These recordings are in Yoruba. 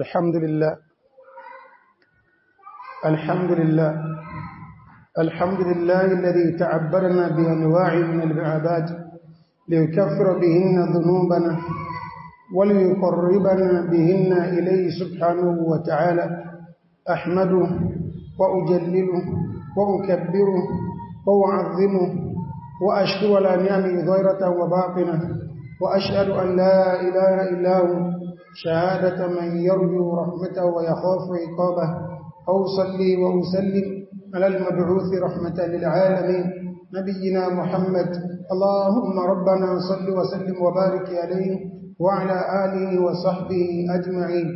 الحمد لله الحمد لله الحمد لله الذي تعبرنا بأنواع من العباد ليكفر بهن ذنوبنا وليقربنا بهن إليه سبحانه وتعالى أحمده وأجلله وأكبره وأعظمه وأشكر على نعمه وباقنة وباطنة وأشهد أن لا إله إلا هو شهادة من يرجو رحمته ويخاف عقابه أوصلي وأسلم على المبعوث رحمة للعالمين نبينا محمد اللهم ربنا صل وسلم وبارك عليه وعلى آله وصحبه أجمعين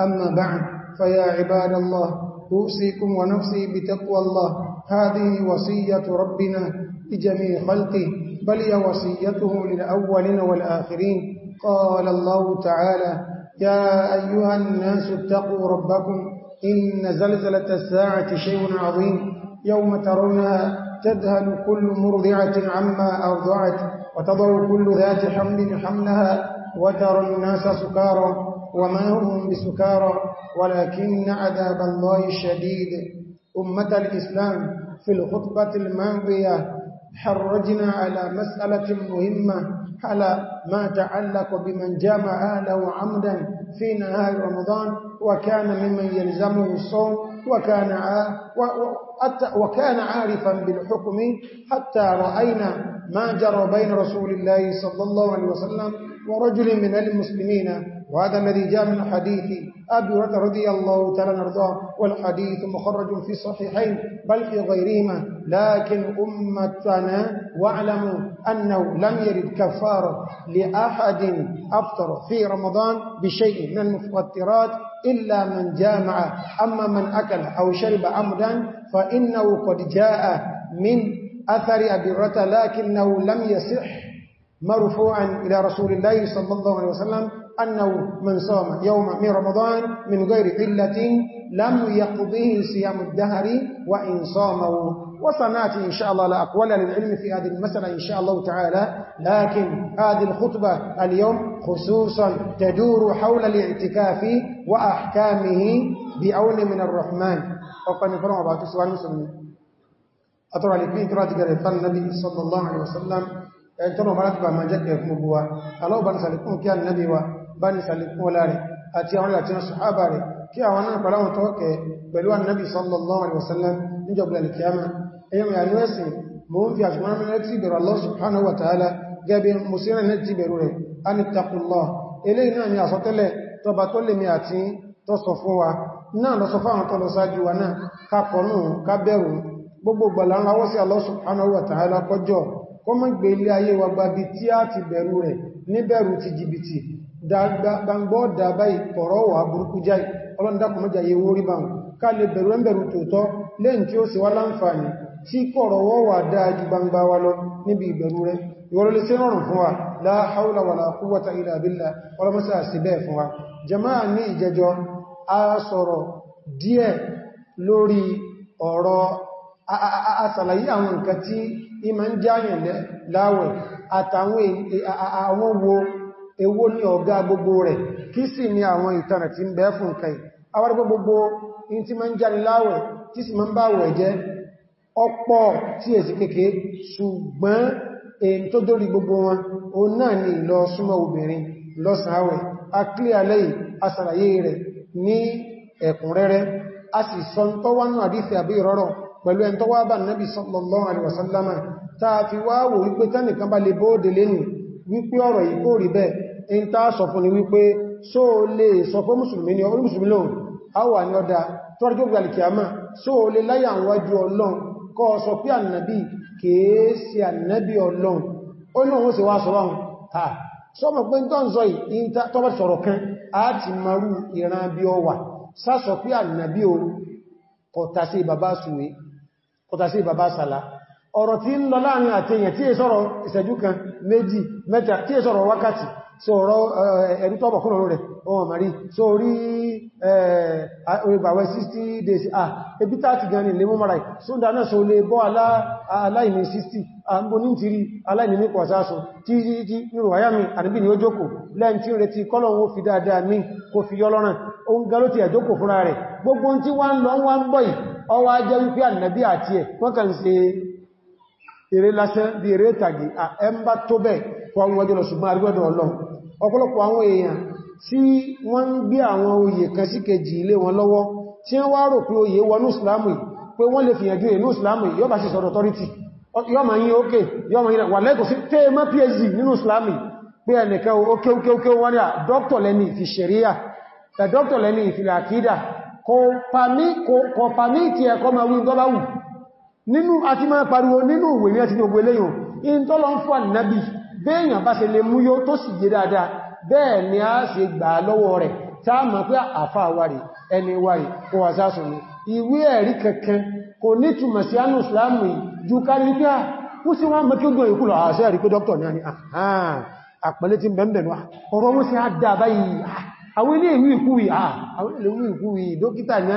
أما بعد فيا عباد الله أوصيكم ونفسي بتقوى الله هذه وصية ربنا لجميع خلقه بل هي وصيته للأولين والآخرين قال الله تعالى يا أيها الناس اتقوا ربكم إن زلزلة الساعة شيء عظيم يوم ترونها تذهل كل مرضعة عما أرضعت وتضع كل ذات حمل حملها وترى الناس سكارى وما هم بسكارى ولكن عذاب الله شديد أمة الإسلام في الخطبة الماضية حرجنا على مسألة مهمة على ما تعلق بمن جمع أهله عمدا في نهار رمضان وكان ممن يلزمه الصوم وكان وكان عارفا بالحكم حتى رأينا ما جرى بين رسول الله صلى الله عليه وسلم ورجل من المسلمين وهذا الذي جاء من حديث أبي رضي الله تعالى عنه والحديث مخرج في الصحيحين بل في غيرهما لكن أمتنا واعلموا أنه لم يرد كفارة لأحد أفطر في رمضان بشيء من المفطرات إلا من جامع أما من أكل أو شرب عمدا فإنه قد جاء من أثر أبي هريرة لكنه لم يصح مرفوعا إلى رسول الله صلى الله عليه وسلم أنه من صام يوم من رمضان من غير علة لم يقضيه صيام الدهر وإن صامه وسنأتي إن شاء الله لا أقول للعلم في هذه المسألة إن شاء الله تعالى لكن هذه الخطبة اليوم خصوصا تدور حول الاعتكاف وأحكامه بأول من الرحمن أقول نفرم أبعاد سؤال مسلم أترى لكي ترى تقريبا النبي صلى الله عليه وسلم ترى bá ما bá máa ألو ẹ̀kùn gbogbo wa aláwọ̀bá ní bá ní sàlẹ̀kún ọlá rẹ̀ àti àwọn láti rán sàhábà rẹ̀ kí àwọn náà pàláwọn tó kẹ pẹ̀lú annabi sallallahu alaihi wasallam níjọba alkiyama ẹ̀yọ́ mi àríwá ẹ̀sìn mo ń fi àṣùmọ́ mi láti bẹ̀rù Allah subhanahu wa ta'ala gẹ́bẹ̀ mo sí rẹ̀ láti bẹ̀rù rẹ̀ an ittaqullah eléyìí náà ni àsọtẹ́lẹ̀ tó bá tó lè kọjọ́ kó mọ́ gbé ilé ayé wa gbabi tí a ti bẹ̀rù rẹ̀ ní bẹ̀rù ti jìbìtì gbangbọ́ dàbá ìpọ̀rọ̀ wà burúkú jáì ọlọ́ndàkùnmọ́jà yẹ wórí bá ká lè bẹ̀rù ẹ̀bẹ̀rù tòótọ́ lẹ́yìn tí ó sì wá láǹfààní tí kọ̀rọ̀ wọ́ wà dáa ju gbangba wa lọ níbi ìbẹ̀rù rẹ̀ ìwọ̀lọ́lẹ́ sí rọrùn fún wa la hawla wala quwwata illa billah ọlọ́mọ́sá sí bẹ́ẹ̀ fún wa jama'a ní ìjẹjọ a sọ̀rọ̀ díẹ̀ lórí èwo ni ọ̀gá gbogbo rẹ̀ kí sì ni àwọn ìtànà tí ń bẹ fún nǹkan yìí awárí gbogbo in ti máa ń jáni láwẹ̀ tí sì máa ń báwẹ̀ jẹ́ ọ̀pọ̀ tí èsì kéèké ṣùgbọ́n èyí tó dórí gbogbo wọn o náà ni lọ súnmọ́ obìnrin lọ́sàáwẹ̀ a kílé alẹ́ àsàlàyé rẹ̀ sallallahu alaihi wasallama ta fi wá wò wípé wípé ọ̀rọ̀ yìí kò rí bẹ́ẹ̀ in ta sọ fún ni wípé só lè sọ fún mùsùlùmí ni ọmọ mùsùlùmí lóhun a wà ní ọdá tọ́rọjọ́ gbàlìkìyàmá só lè láyà wájú ọlọ́run kọ́ sọ pé ànàbí ha sọmọ pé tó ń sọ yìí tó bá sọ̀rọ̀ kan a ti marú ìran bí ọ wà sásọ pé bàbá sùwé kọ̀tà bàbá sàlá ọ̀rọ̀ tí ń lọ láàrin àtẹyàn tí è sọ́rọ̀ ìṣẹ́jú kan méjì mẹ́ta tí è sọ̀rọ̀ wákàtí sọ̀rọ̀ eh, ẹ̀rí tọ́bọ̀ kúrò rẹ̀ ọmọ marí so rí 60 eh, days ah ebi tàti gan ni lè mú mara so lè bọ́ aláìní 60 ní ti aláìní ní tí tí nírò mi ni ó jókò tí kọ́lọ̀ ó fi dáadáa gbogbo wá ń lọ wá ń bọ̀ yìí ọwọ́ ajẹ́ wípé eré lásán bí eré tàgì ẹmbá tó bẹ̀ kọ àwọn ọjọ́ lọ́sùgbọ́n arígbọ́dọ̀ ọlọ́run ọ̀pọ̀lọpọ̀ àwọn èèyàn tí wọ́n ń gbé àwọn oyè kan sí kejì ilé wọn lọ́wọ́ tí wọ́n wá rò pé oyè wọnú ìsìlámù ìsìlámù authority yóò ma yí ókè yóò ma yí wà lẹ́kọ̀ sí tẹ́ mọ́ phd nínú ìsìlámù pé ẹnìkan ókè ókè ókè wọ́n ní à dọ́kítọ̀ lẹ́ni ìfi ṣẹ̀ríyà dọ́kítọ̀ lẹ́ni nínú àti máa pariwo nínú ìwé ní àti ní ogun eléyìn in tó lọ ń fún ànábì béèyàn bá ṣe lè mú yóò tó sì yé dáadáa bẹ́ẹ̀ ni a ṣe gbà lọ́wọ́ rẹ̀ tá a mọ̀ pé àfà wàrí ẹni wàrí kó wà sásùn ìwé ẹ̀rí kankan kò ní túmọ̀ sí ánù ìsìlámù ju kárí pé ó ah, sì wá mọ́kí ogun ìkúlọ̀ àṣẹ rí pé dókítà náà ah,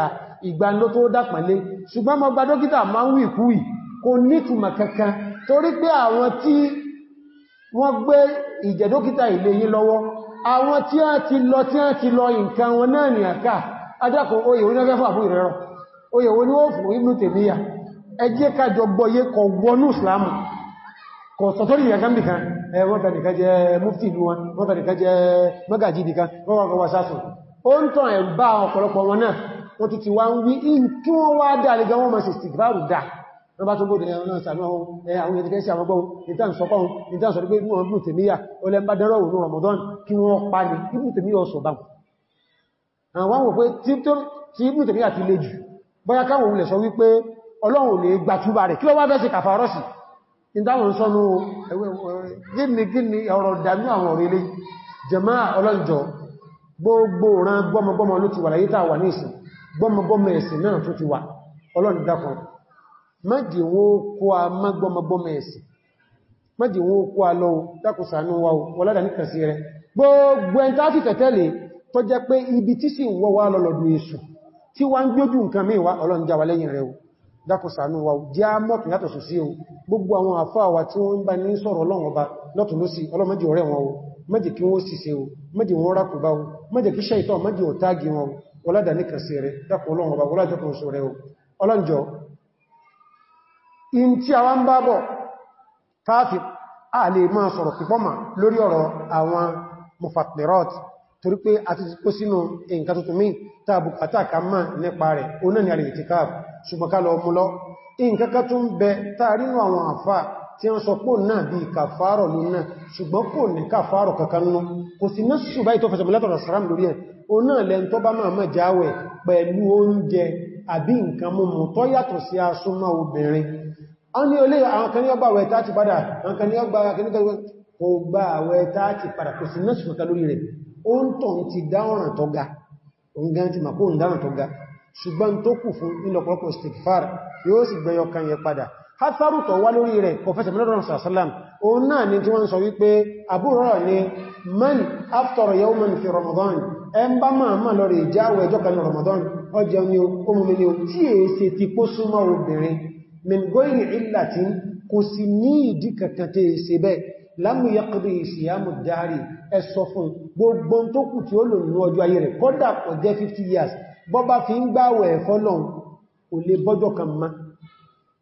ah, ìgbàndó tó dápàlé ṣùgbọ́n mọ́ gba dókítà máa ń wìkúwì kò nítumọ̀ kankan torí pé àwọn tí wọ́n gbé ìjẹ́ dókítà ilé yìí lọ́wọ́ àwọn tí a ti lọ tí a ti lọ nǹkan wọn náà ní àká adákọ̀ oyè oní ọjọ́ fún ìrẹ́rọ oyè oní ó fún inú tèmíyà ẹjẹ́ kájọ gbọ́yé kọ wọnú islamu kọ sọ̀tọ́rì ìyàgánbìkan wọ́n tàbíkà jẹ́ mufti ìlú wọn wọ́n tàbíkà jẹ́ mọ́gàjì nìkan wọ́n tún ti wá ń wí in kí wọ́n wá dáa lè gan wọ́n mọ̀ sí stigbaru dáa wọ́n bá tó gbóòdì ẹ̀rọ náà sàmì ọ̀hún àwọn ẹ̀dìkẹ́sì Ramadan kí wọ́n pa ní ibù tèmíyà ọ̀sọ̀ bá àwọn wọ́n pé tí ibù tèmíyà ti le jù bóyá káwọn olè sọ wípé Ọlọ́run lè gbàtúbà rẹ̀ kí wọ́n wá bẹ́ sí kàfàrọ́sì ìdáwọn sọ́nú gíní gíní ọ̀rọ̀ ìdàmí àwọn ọ̀rẹ́ ilé jẹmáà ọlọ́njọ́ gbogbo ran gbọmọgbọmọ ló ti wà láyé tàà wà ní ìsìn gbọ́mọgbọ́mọ ẹ̀sìn náà tó ti wà kó a má ẹ̀sìn kó a dákùsànú wa wọládà ní kàsí rẹ gbogbo ẹn tàbí tẹ̀tẹ́lẹ̀ tó jẹ́ pé ibi tí sì wọ́ wá lọ́lọ́dún èṣù tí wá ń gbójú nǹkan mí wá ọlọ́run já wa lẹ́yìn rẹ̀ dákùsànú wa jẹ́ mọ́tù yàtọ̀ sí o gbogbo àwọn wọ́n wọ́ládà ní kàsí rẹ̀ dákùn ọlọ́run ọba wọ́lájọ́ kan sọ rẹ̀ ọlọ́njọ́ in tí a wá ń bábọ̀ káàfì a lè máa sọ̀rọ̀ pípọ́mà lórí ọ̀rọ̀ àwọn mufatirot torí pé a ti kó sínú nǹkan tuntun mí tàbí àtàkà máa nípa rẹ̀ onáni àrẹ̀ ìtìkáàfì ṣùgbọ́n ká lọ mú lọ nǹkan kan tún bẹ táàrínú àwọn àfáà tí wọ́n sọ pò náà bí kàfàárọ̀ ló náà ṣùgbọ́n kò ní kàfàárọ̀ kankan nú kò sí náà ṣùgbá ìtọ́ fẹsẹ̀bọ̀látọ̀ sàrám lórí ẹ̀ o náà lẹ́n tó bá máa jáwẹ̀ pẹ̀lú oúnjẹ àbí nǹkan mọ́mọ́ tó yàtọ̀ sí asúnmọ́ obìnrin a ní olè àwọn kan ní ọgbà àwẹ̀ tààtì padà àwọn kan ní ọgbà àwẹ̀ tààtì padà kò sí náà ṣùgbọ́n tó kù fún ìlọ̀pọ̀lọpọ̀ stigfar yóò sì gbẹyọ kan yẹ padà hátàrù tó wá lórí rẹ̀ pọ̀fẹ́sẹ̀ mẹ́lọ́rọ̀ sàásàlám òun náà ni tí wọ́n sọ wípé àbúrọ̀ ni man aftara yawman fi ramadan ẹn bá máa máa lọ rí jáwẹ̀ ẹjọ́ kan ramadan ọjọ́ ni ó mú mi tí è ṣe ti kó súnmọ́ obìnrin min goyri illatin lámù yaqdi siyamu dárí ẹ fún gbogbo tó kù tí ó lò ní ọjọ́ ayé rẹ̀ kọ́dà kò 50 years bọ́bá fi ń gbáwẹ̀ ẹ̀fọ́ lọ́n kò lè bọ́jọ́ kan máa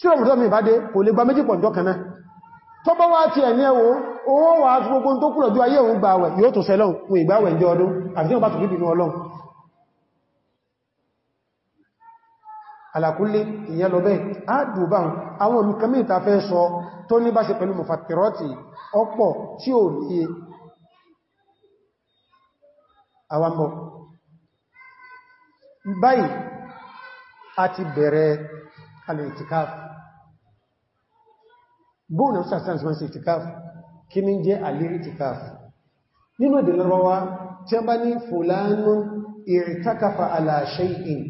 tí ọmọdé mi bá dé kò lè gba méjì pọ̀njọ́ kanáà tó bá wá ti ẹ̀ní ẹwọ owó wà tí gbogbo tó kúrò jú ayé òun gbà wẹ̀ yóò tó sẹlọ́un fún ìgbàwẹ̀ ìjọ ọdún àti ọba tó rí bínú ọlọ́run alàkúlé ìyẹn lọ bẹ́ẹ̀ àdùbà àwọn bá ṣe pẹ̀lú mọ̀fàtírọ́tì ọ̀pọ̀ bóòrùn náà sàtàǹsì wọ́n sí ìtìkáf kí ní jẹ́ àlè ìtìkáf nínú èdè lọ́rọ̀wá tí a bá ní fòlánú ìrìtakafa ala shay'in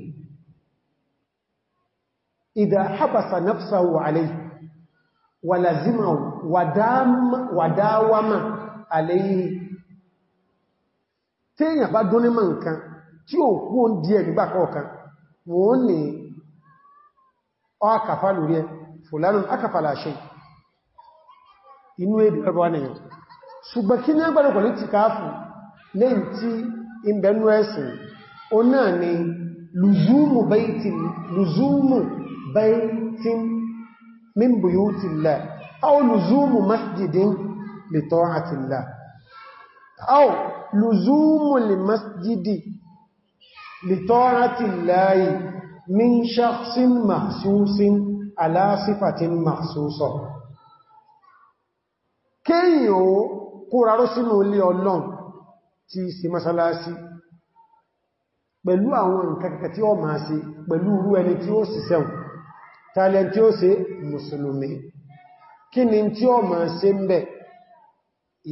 ìdá habasa nafsahu alayhi wà lazima wà dáwàmà alayhi tí nǹkan tí ó kú ó nígbà kọ̀ọ̀kan wọ́n ni ọ akafa lórí ẹ fòlánú akafa la shay'in inú èdè ọ̀rọ̀ nìyàn ṣùgbọ́n kí ní ẹgbẹ̀rẹ̀ pẹ̀lú ti káàfù lẹ́yìn tí ìbẹ̀nú ẹ̀sìn o náà ni lùzúmù baitin min buyutillah aw lùzúmù masjidin li ta'atillah aw lùzúmù li masjidi li ta'atillahi min shakhsin mahsusin ala sifatin kéyìn ó kóraró sínú ilé ọlọ́n ti ṣe masalasi pẹ̀lú àwọn nǹkankà tí ó máa ṣe pẹ̀lú irú ẹni tí ó sì sẹ́wọ̀n tààlẹ̀ tí ó ṣe mùsùlùmí kí ni tí ó máa ṣe ń bẹ̀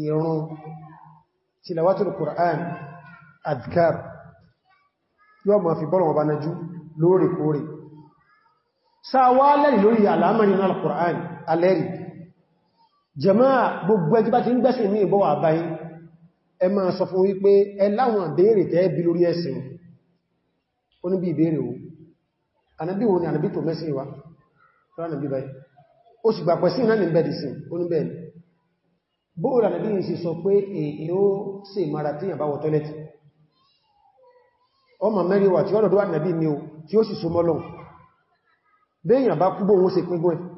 ìrun tilawatul Qur'an adhkar yóò máa fi bọ́lọ̀ ọba najú lóòrèkóòrè sáwálẹ̀ lórí àlámàrin al-Qur'an alẹ́rìí jẹmáà gbogbo ẹjí bá ti ń gbẹ́sìn ní ìbọ́wà báyí ẹ máa sọ fún wípé ẹ láwọn àbẹ́rẹ̀ tẹ́ bí lórí ẹ̀sìn ó ní bí ìbẹ̀rẹ̀ o anábí wo ni anábí tó mẹ́sìn wa ránàbí báyí ó sì gbàpẹ́ sí náà ní bẹ́ẹ̀dì ó sì sọ pé mara tí yàn bá wọ tọ́lẹ́tì ọmọ mẹ́rin wà tí ọ̀dọ̀dọ̀ anábí mi o tí ó sì so mọ́lọ́un bẹ́yàn bá kú bóòrùn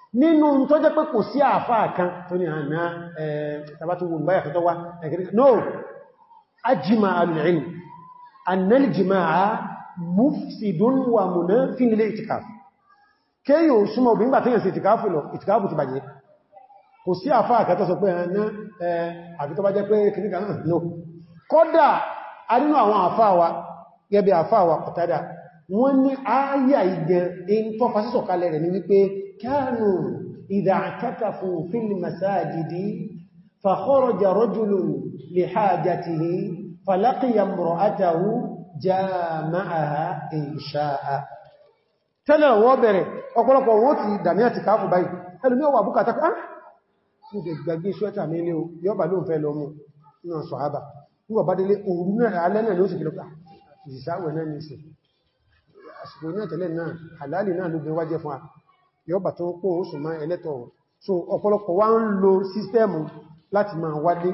nínú tó jẹ́ pé kò sí àfáà kan tó ní àmì àtàbátúwò báyà fẹ́tọ́ wá ẹgbẹ̀rẹ̀ no ajima alìrìn annalìjìmá a mufsidun wa múná fi nílé ìtìkáfù kéyò súnmọ̀ obìnrin gbàtí yẹn sí ìtìkáfù lọ ìtìkáfù ti bàjẹ́ kò sí àfáà kan tó sọ pé ẹ̀nà no kódà a nínú àwọn àfáà wa gẹ́bẹ̀ àfáà wa wọ́n ní ayà ìgẹn in tó fasísọ̀ kalẹ̀ rẹ̀ ní wípé kánù ìdàkátà fún fílì masáàjìdí fàkọ́rọ̀jà rọ́jùlù lè hajjatihi falakiya mọ̀rọ̀átahu jama'aha insha'a tẹ́lẹ̀ wọ́n bẹ̀rẹ̀ ọ̀pọ̀lọpọ̀ wọ́n ti dàmí àti káàkù báyìí ah! délé òun náà alẹ́nà ló sì kìlọ́pàá ah, ìsìsáwẹ̀ náà ní ìsìn àsìkò iná tẹ̀lẹ̀ náà àlálì náà ló gbé wájẹ́ fún a tó pò oṣù máa ẹlẹ́tọ̀ so ọ̀pọ̀lọpọ̀ wá ń lo sístẹ́mù láti máa wádé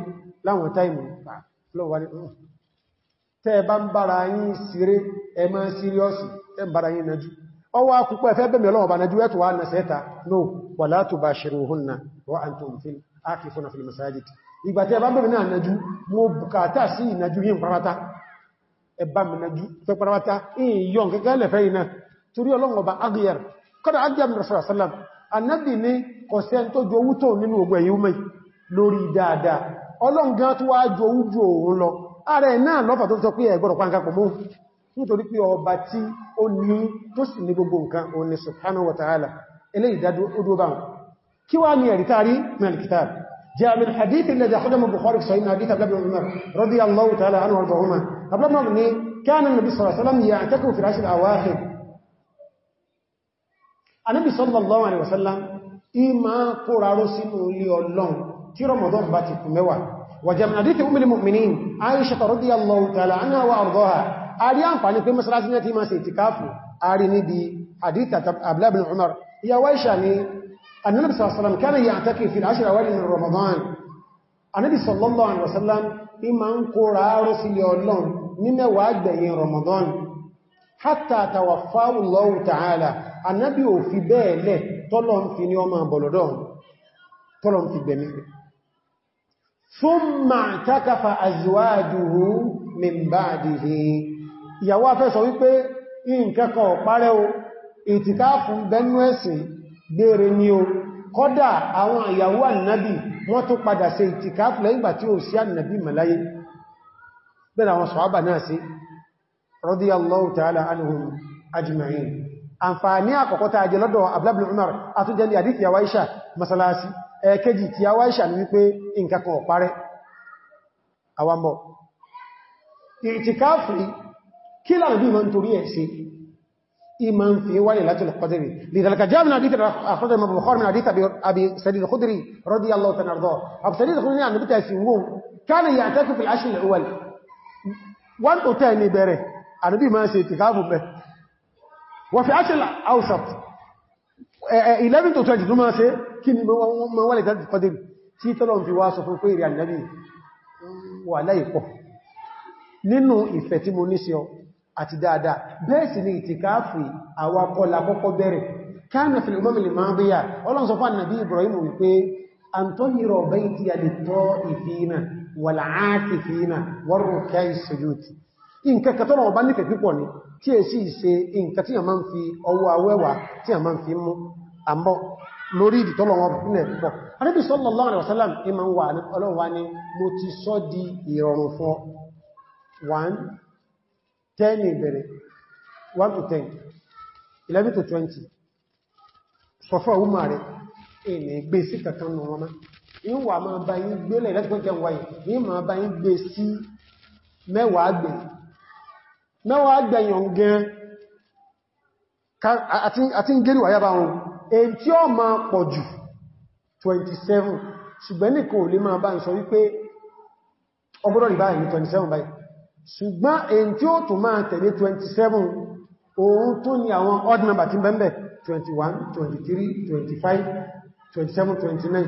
láwọn táìmù hm, tẹ́ bá ń bára yín síré ẹ máa síríọ́sì tẹ́ ń bára yín najú ọwọ́ akúpọ̀ ẹfẹ́ bẹ̀mẹ̀ ọlọ́wọ́ bá najú no wà látò bá ṣeré ohun na wà á tó fi ákìfún na fi náà najú mo bùkátà sí ìnajú yín ẹba mìnájú pẹpàràwátá ìyọ̀n gẹ́gẹ́ lẹ́fẹ́ iná torí ọlọ́run ọba agiyar kọ́dá agiyar rasulullah sallam annabi ni kọ̀sẹ́ tó ju owú tó nínú ogun ẹ̀yí umar lórí dáadáa ọlọ́run gan tó wá ju owú ju òun lọ ààrẹ náà lọ́fà tó sọ pé ẹgbọ́rọ̀ pánkapọ̀ mú nítorí pé ọba tí ó ní tó sì ní gbogbo nǹkan ó ní subhanahu wa ta'ala ilé ìdádó odó bá wọn kí wá ní قبل مغني كان النبي صلى الله عليه وسلم يعتكف في العشر الأواخر النبي صلى الله عليه وسلم إما قرار سنو الله في رمضان باتك موا وجمع حديث أم المؤمنين عائشة رضي الله تعالى عنها وأرضاها أريان فعني في مسرع سنتي ما سيتكافو أريني بي حديثة أبلا بن عمر يا ويشاني أن النبي صلى الله عليه وسلم كان يعتكف في العشر الأوائل من رمضان النبي صلى الله عليه وسلم ní ma ń kóra rú sílẹ̀ ọlọ́n ní mẹ́wàá gbẹ̀yìn Ramadan hatta tawaffahu Allahu ta'ala anábí ò fi bẹ́ẹ̀lẹ̀ tọ́lọ̀n fi ní ọmọ bọ̀lọ̀dọ́n tọ́lọ̀n fi gbẹ̀mí thumma i'takafa azwajuhu min ba'dihi ìyàwó afẹ́ sọ wípé ìǹkẹ́kọ̀ parẹ́ o ẹ̀sìn gbére ni o kọ́dà àwọn ìyàwó ànábì wọ́n tó padà ṣe ìtìkáfù lẹ́yìn ìgbà tí ó sí ànàbí màláyé bẹ́ẹ̀ àwọn sọ̀hábà náà sí radiyallahu ta'ala anhum ajma'in àǹfààní àkọ́kọ́ tá jẹ lọ́dọ̀ abúlábìlì umar àtújẹ́ ní àdíkì àwá ìṣà masalasi ẹ̀kẹ́jì tí àwá ìṣà إيمان في هو ليلة القدر لذلك جاء من حديث أخرج من البخاري من حديث أبي سعيد الخدري رضي الله تعالى عنه أبو سعيد الخدري عن نبي تأسيوه كان يعتكف في العشر الأول وان أتاني بره النبي ما سيتكافه به وفي عشر الأوسط 11 to 20 ما سي كني ما هو ليلة القدر tí tọ́lọ̀n fi wá sọ fún pé ìrìn ànàbí wà láìpọ̀ nínú ìfẹ́ tí mo ní sí ọ àti dáadáa bẹ́ẹ̀ sì ni ìtìkáàfì àwọn akọ́lá kọ́kọ́ bẹ̀rẹ̀ káàna fi l'umam al-maadiya ọlọ́n sọ fún Nabi Ibrahim wípé antọ́hìrọ̀ bayti lit-ta'ifina wal-aakifina war-ruka'i sujud nǹkan kan tọ́nà ọba nífẹ̀ẹ́ pípọ̀ ni tí è sì ṣe nǹkan tí a máa ń fi ọwọ́ awẹ́wà tí a máa ti 1 10 ní ìbẹ̀rẹ̀ 1 to 10 11 to 20 sọ fún àwọn ọmọ rẹ̀ èmì gbé sí kankan nù wọn yíò wà máa bá yín gbélẹ̀ lẹ́tìkọ́kẹ́ wáyé yíò máa bá yín gbé sí mẹ́wàá gbẹ̀ mẹ́wàá gbẹ̀yàn gan àti ń gẹ́rì wáyá bá wọn èyí tí ó máa pọ̀ jù 27 ṣùgbẹ́ nìkan ò lè máa ṣùgbọ́n èyí tí ó tún máa tẹ̀lé 27 òun tó ní àwọn odd number tí bẹ́m̀bẹ̀ 21 23 25 27 29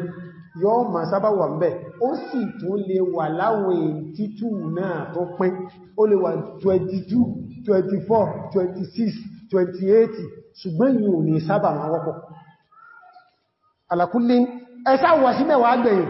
yóò máa sábà wà mẹ́ ó sì tún lè wà láwọn èyí títù náà tó pín ó lè wà 22 24 26 28 ṣùgbọ́n yìí ò ní sábà máa wọ́pọ̀ àlàkúlé ẹ̀sáwọ̀ sí mẹ́wàá gbẹ̀yìn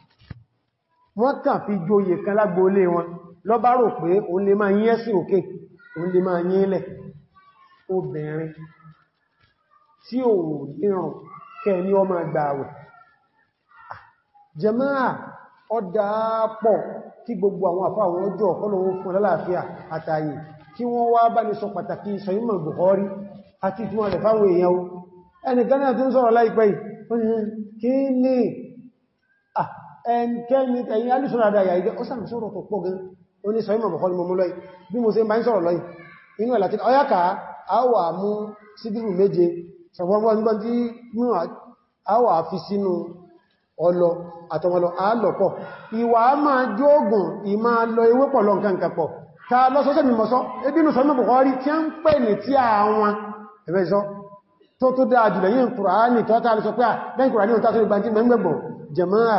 wọ́n kàn fi joyè kan lágbó olé wọn lọ bá rò pé o lè máa yín ẹ́sì òkè o lè máa yín ilẹ̀ obìnrin tí ò níran kẹ ní ọmọ àgbàwẹ̀ jẹmáà ọdá pọ̀ kí gbogbo àwọn àfá àwọn ọjọ́ ọ̀pọ̀lọ́wọ́ fún alálàáfíà àtàyè kí wọ́n wá bá ní sọ pàtàkì sọ̀yìnmọ̀ Bukhari àti ìtumọ̀ rẹ̀ fáwọn èèyàn ẹnìkan náà tí ń sọ̀rọ̀ láìpẹ́ yìí kí ní ẹnkẹ́ni ẹ̀yìn alìsọ́nà àdáyà ìgbẹ́ ó sàmì sọ́rọ̀ tó pọ̀ gan oní sọ ìmọ̀ bọ̀kọ́ mọ́ lọ́yìn bí mo ṣe ń bá ń sọ̀rọ̀ lọ́yìn inú ẹ̀lá tí ọyáka àwà mú sídìrù méje sọ̀fọ́nbọ́n tí àwà fi sínú ọlọ àtọmọlọ àálọ̀pọ̀ ìwà máa jógùn ìmá lọ ewé a ń pè ní tí àwọn ẹ̀fẹ́sọ́ tó tó dáa jùlọ yìí ń kùrà ní tọ́ta jẹ̀mọ́ra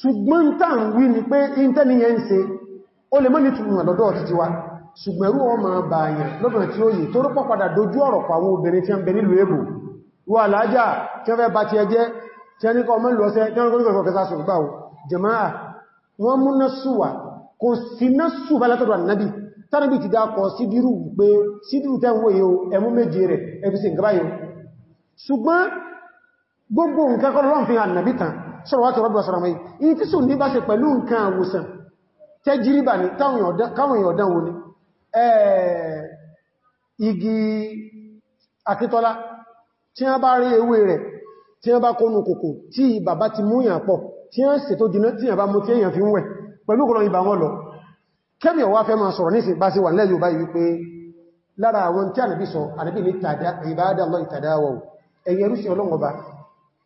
ṣùgbọ́n tàn wí ni pé intẹ́niyẹ ń ṣe ó lè mọ́ni túnmù àdọ́dọ́ ọ̀tí ti wá ṣùgbẹ̀rú ọmọ àbàyàn lọ́dún tí ó yìí tó rọ́pọ̀ padà dojú ọ̀rọ̀ pàwọn obìnrin tí a ń bẹ nílùú èbò wọ́n alájá tí wọ́n fẹ́ bá ti ẹjẹ́ tí a ní kọ́ mọ́lù ọ̀sẹ́ tí wọ́n kọ́ kẹta sọ̀gbà ò jẹmáà wọ́n mú násùwà kò sí násùwà látọ̀dọ̀ ànábì gbogbo nǹkan kọ́ lọ́n sọ́rọ̀wátí rọ́bí ọ̀sọ̀rọ̀mọ́ yìí in tí sùn ní bá ṣe pẹ̀lú nǹkan àwòsàn tẹ́ jíríbà ní káwọn èèyàn wo ni igi akítọ́lá tí wọ́n bá rí ewé rẹ̀ tí wọ́n bá kónú kòkò tí bàbá ti mú yàn pọ̀ tí wọ́n sì tó jiná tí yàbá mú tí èèyàn fi ń wẹ̀ pẹ̀lú kòrò ìbà wọn lọ kẹ́mì ọwá fẹ́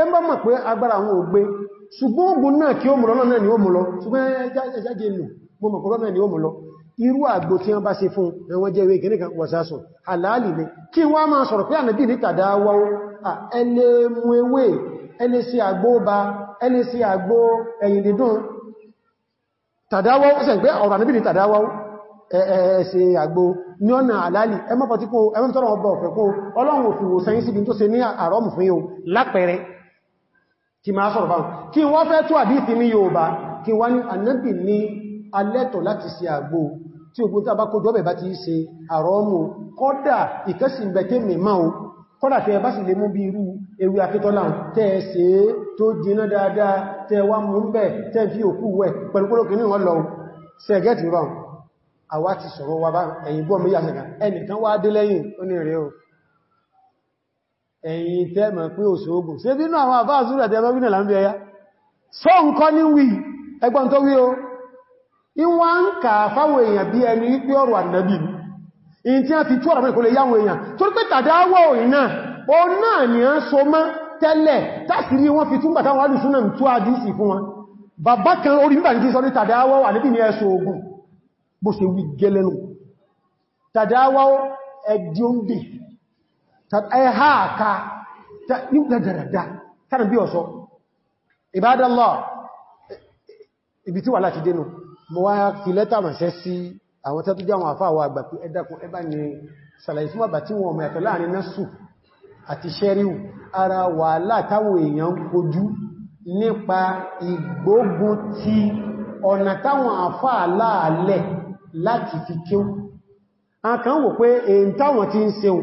e bá mọ̀ pé agbára àwọn ògbé ṣùgbọ́n ogun náà kí ó mú lọ́nà náà ya ó mú lọ ṣùgbọ́n ẹjájẹ́ nù mọ́ mọ̀ lọ́nà ni ó mú lọ irú àgbò tí wọ́n bá ṣe fún ẹwọ́n jẹ́ ìwé gẹ́nìkan wọ̀sásùn àlàálì ni kí wọ́n máa sọ̀rọ̀ pé ànàbí ní tàdáwọ́ ní ọ̀nà àlálì tọ́rọ ọlọ́run òfin yí tó ní àrọ́mù fún yíò lápẹẹrẹ tí máa sọ̀rọ̀ báwọn kí wọ́n fẹ́ tó àdíìtì ní Yorùbá kí wọ́n ní ànábì ní alẹ́tọ̀ láti ṣe àgbò tí ogun tí a bá kójọ́ bẹ̀ bá ti ṣe àrọ́mù kọ́dà ìkẹ́sìnbẹ̀kẹ́ mẹ́má o kọ́dà tẹ́ bá sì lè mú bí irú ewé akítọ́lá tẹ́ ṣe tó ẹ̀yìn tẹ́ mọ̀ pé òṣòógùn ṣe bínú àwọn àbá àzúrù àti ẹmọ́ bínú lámbí ẹyá sọ nǹkan ní wí ẹgbọ́n tó wí o ìwọ́n ń kà fáwọn èèyàn bí ẹni pé ọ̀rọ̀ ànàbì in tí a fi tú ọ̀rọ̀ mẹ́kọlẹ̀ yáwọn èèyàn tó pé tàdáwọ̀ ìná o náà ni a ń so mọ́ tẹ́lẹ̀ tásìrí wọ́n fi túnbà táwọn alùsúnà ń tú àdísì fún wọn bàbá kan orí mìbà ní sọ ní tàdáwọ̀ ànàbì ní ẹsọ ogun bó ṣe wí gẹ́lẹ́nu tàdáwọ̀ ẹdí oúnjẹ ẹ̀há àká ní gẹ̀gẹ̀rẹ̀dá tàbí bí ọ̀sọ́ ìbádọ́lọ́ ibi tí wà láti dénú mọ́ wá fi lẹ́tà ránṣẹ́ sí àwọn tẹ́tù jáwọn àfáàwọ̀ àgbà pé ẹ̀dàkùn ẹbá ni sàlàyé fún àbà tí wọ́n mọ̀ ẹ̀fẹ́ láàrin násù àti sẹ́ríù ara wà látàwọn èèyàn kojú nípa ìgbógun ti ọ̀nà táwọn àfáà láàlẹ̀ láti fi kéw. a kan wò pé èyí táwọn ti ń seun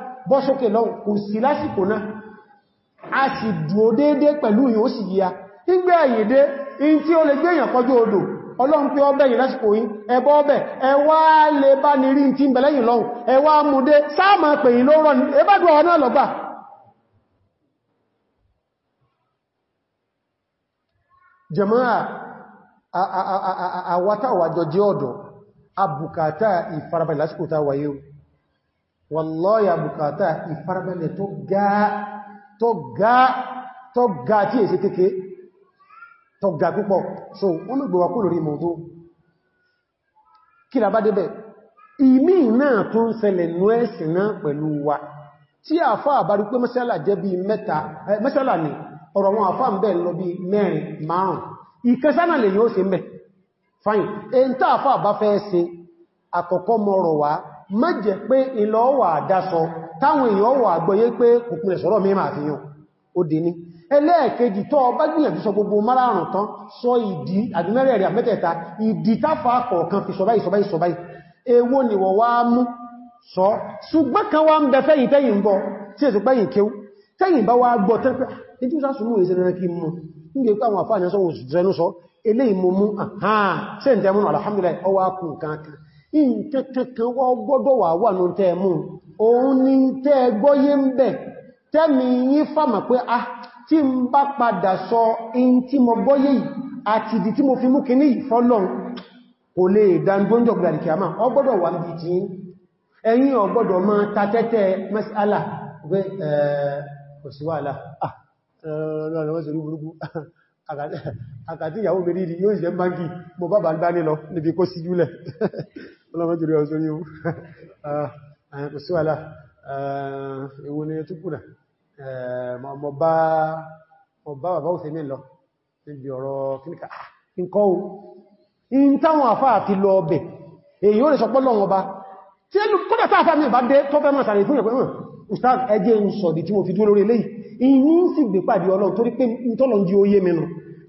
bọ́sókè lọ kò sí lásìkò náà a sì dúó déédé pẹ̀lú yìí ó sì yíya nígbẹ́ àyèdé in tí ó lè èyàn kọjú odò ọlọ́run pé ọbẹ̀ yìí lásìkò yìí ẹbọ́ ọbẹ̀ ẹwà lè bá ní rí tí ń bẹ̀lẹ́yìn lọ́hùn ẹwà múdé sáàmà pèyìn ló rọ̀ ẹbádùn ọ̀nà wallahi àbùkátà ìfarabalẹ̀ tó ga tó ga tó ga tí èsì kéèké tó ga púpọ̀ so wọ́n lè gbọ́wà kó lórí mọ̀tó kí làbá débẹ̀ ìmí náà tó ń ṣẹlẹ̀ nú ẹ̀sìn náà pẹ̀lú wa tí àfá àbárí pé mẹ́sẹ́là jẹ́ bí mẹ́ta fine èyí tá àfá àbá mẹ́jẹ̀ pé ìlọ́wà àdásọ táwọn èèyàn wà àgbọ́yé pé kùkùnlẹ̀ sọ́rọ̀ mímọ̀ àfihàn ó dì ní ẹlẹ́ẹ̀kejì tó ọba gbìyànjú sọ gbogbo márààrùn tán sọ ìdí àdúmẹ́rẹ̀ rẹ̀ mẹ́tẹ̀ẹ̀ta ìdí táfà kọ̀ọ̀kan fi sọ̀báyì sọ̀báyì sọ̀báyì sọ ìkẹ́kẹ́kẹ́ wọ́n ọgbọdọ wà wà ní tẹ́ mú òun ni tẹ́ gbọ́yé ń bẹ̀ tẹ́mi yí fàmà pé a tí ń bá padà sọ in tí mo gbọ́yé àti ìdí tí mo fi mú ní ìfọ́lọ́n wà ti ta àkàtí ìyàwó mi rírí yóò ṣe báńkì mo bá bá ní lọ níbi kó sí júlẹ̀ ọlọ́run jùlọ ọ̀sọ́ ní ohun àyàkù sí wà láà ewu ni tó kùnà mo bá bàbá òfin mi lọ níbi ọ̀rọ̀ kíníkà nǹkan ohun in táwọn àfá àti lọ ọbẹ̀ èyí ó lè sọpọ́ lọ́wọ́ ọba tí ẹlù kọ́dà táà fà mí bá dé tó fẹ́ mọ̀ sàrẹ̀ fún ìyẹ̀pẹ̀ mọ̀ ustaz ẹjẹ́ ń sọ̀dì tí mo fi dúró lórí eléyìí ìyí ń sì gbé pàdé ọlọ́run torí pé ń ń di oyé mẹ́nu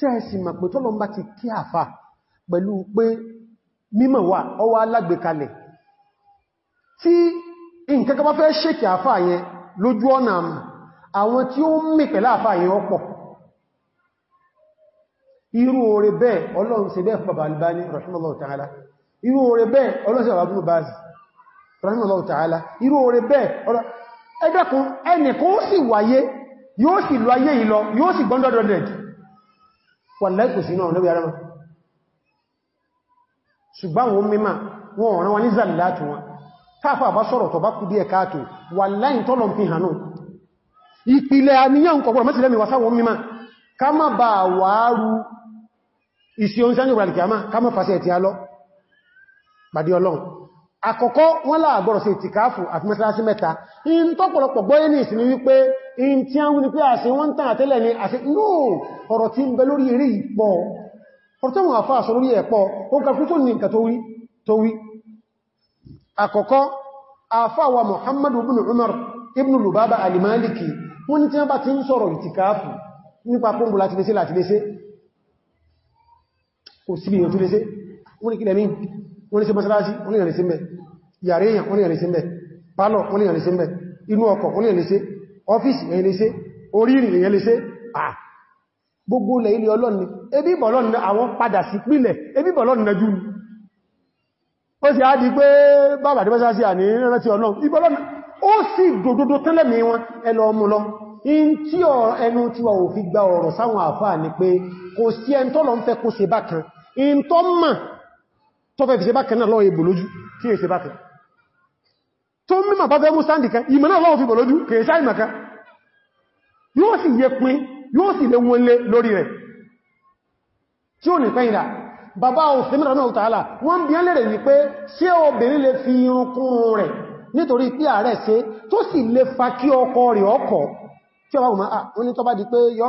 sẹ́ẹ̀sì mọ̀ pé tọ́lọ bá ti kí àfà pẹ̀lú pé mímọ̀ wà ọwọ́ alágbèkalẹ̀ tí nǹkankan bá fẹ́ ṣèkì àfà yẹn lójú ọ̀nà àmì àwọn tí ó mì pẹ̀lá àfà yẹn ọ̀pọ̀ irú oore bẹ́ẹ̀ ọlọ́run ṣe bẹ́ẹ̀ fún ta'ala irú oore bẹ́ẹ̀ Baz rahimahullahu ta'ala irú oore bẹ́ẹ̀ ẹgbẹ́kun ẹnìkan ó sì wáyé yóò sì lọ ayé ìlọ yóò sì gbọ́ndọ̀dọ̀dẹ̀dì wàlẹ́kù sínú ọ̀nà lórí ara wọn ṣùgbọ́n wọn mímá wọn ọ̀rán wọn ní zàlìláàtù wọn káfà bá sọ̀rọ̀ tọ̀ bá kú díẹ̀ káàtò wà láìn tọ́lọ̀ fi hàn náà ìpìlẹ̀ àníyàn kọ̀kọ̀rọ̀ mẹ́sìlẹ̀ mi wàsá wọn àkọ́kọ́ wọ́n láàgbọ́rọ̀ sí ìtìkáàfù àti mẹ́sàlásí mẹ́ta in tọ́pọ̀lọpọ̀ gbọ́yé ní ìsinmi wípé in tí a ń wí ní pé àṣẹ wọ́n ń tàn àtẹ́lẹ̀ ní àṣẹ inú ọ̀rọ̀ tí ń bẹ lórí eré ìpọ̀ ọ̀rọ̀ wa Muhammad ibn Umar ibn Lubaba alimaliki wọ́n ní tí wọ́n bá ti ń sọ̀rọ̀ ìtìkáàfù nípa pọ́nbù láti lé sí láti lé wọ́n ní ṣe mọ́sálásí wọ́n ní yàn lè ṣe mẹ́ yàrí èyàn wọ́n ní yàn lè ṣe mẹ́ pálọ̀ wọ́n ní yàn lè ṣe mẹ́ inú ọkọ̀ wọ́n ní yàn lè ṣe ọ́fíìsì yàn lè ṣe orí ìrìn à gbogbo ilẹ̀ ilẹ̀ ọlọ́ni ebí bọ̀lọ́ni àwọn padà sí pìlẹ̀ ebí bọ̀lọ́ni na jú ni ó sì á di pé bàbà dé mọ́sálásí àní rántí ọlọ́run ibọ̀lọ́ni ó sì dòdòdó tẹ́lẹ̀ mi wọn ẹlọ ọmọ lọ in tí ẹnu tí wà ò fi gba ọ̀rọ̀ sáwọn àfáà ni pé kò sí ẹntọ́lọ ń fẹ́ tó fẹ́ fi ṣe bákan náà lọ́wọ́ ìbò lójú kí è ṣe bákan tó mímọ̀ bá fẹ́ mú sáàdì kan ìmọ̀ náà lọ́wọ́ fi bò lójú kì í sáì màká yóò sì yẹ pin yóò sì lè wọn lé lórí rẹ̀ tí ó ní pẹ́yìnlá bàbá òfèmìnà náà tààlà wọ́n bí án lẹ́rẹ̀ wípé ṣé obìnrin lè fi irun kún rẹ̀ nítorí pí ààrẹ ṣe tó sì lè fa kí ọkọ rẹ̀ ọkọ̀ tí ọba wùmá ah wọ́n ní tó bá di pé yọ́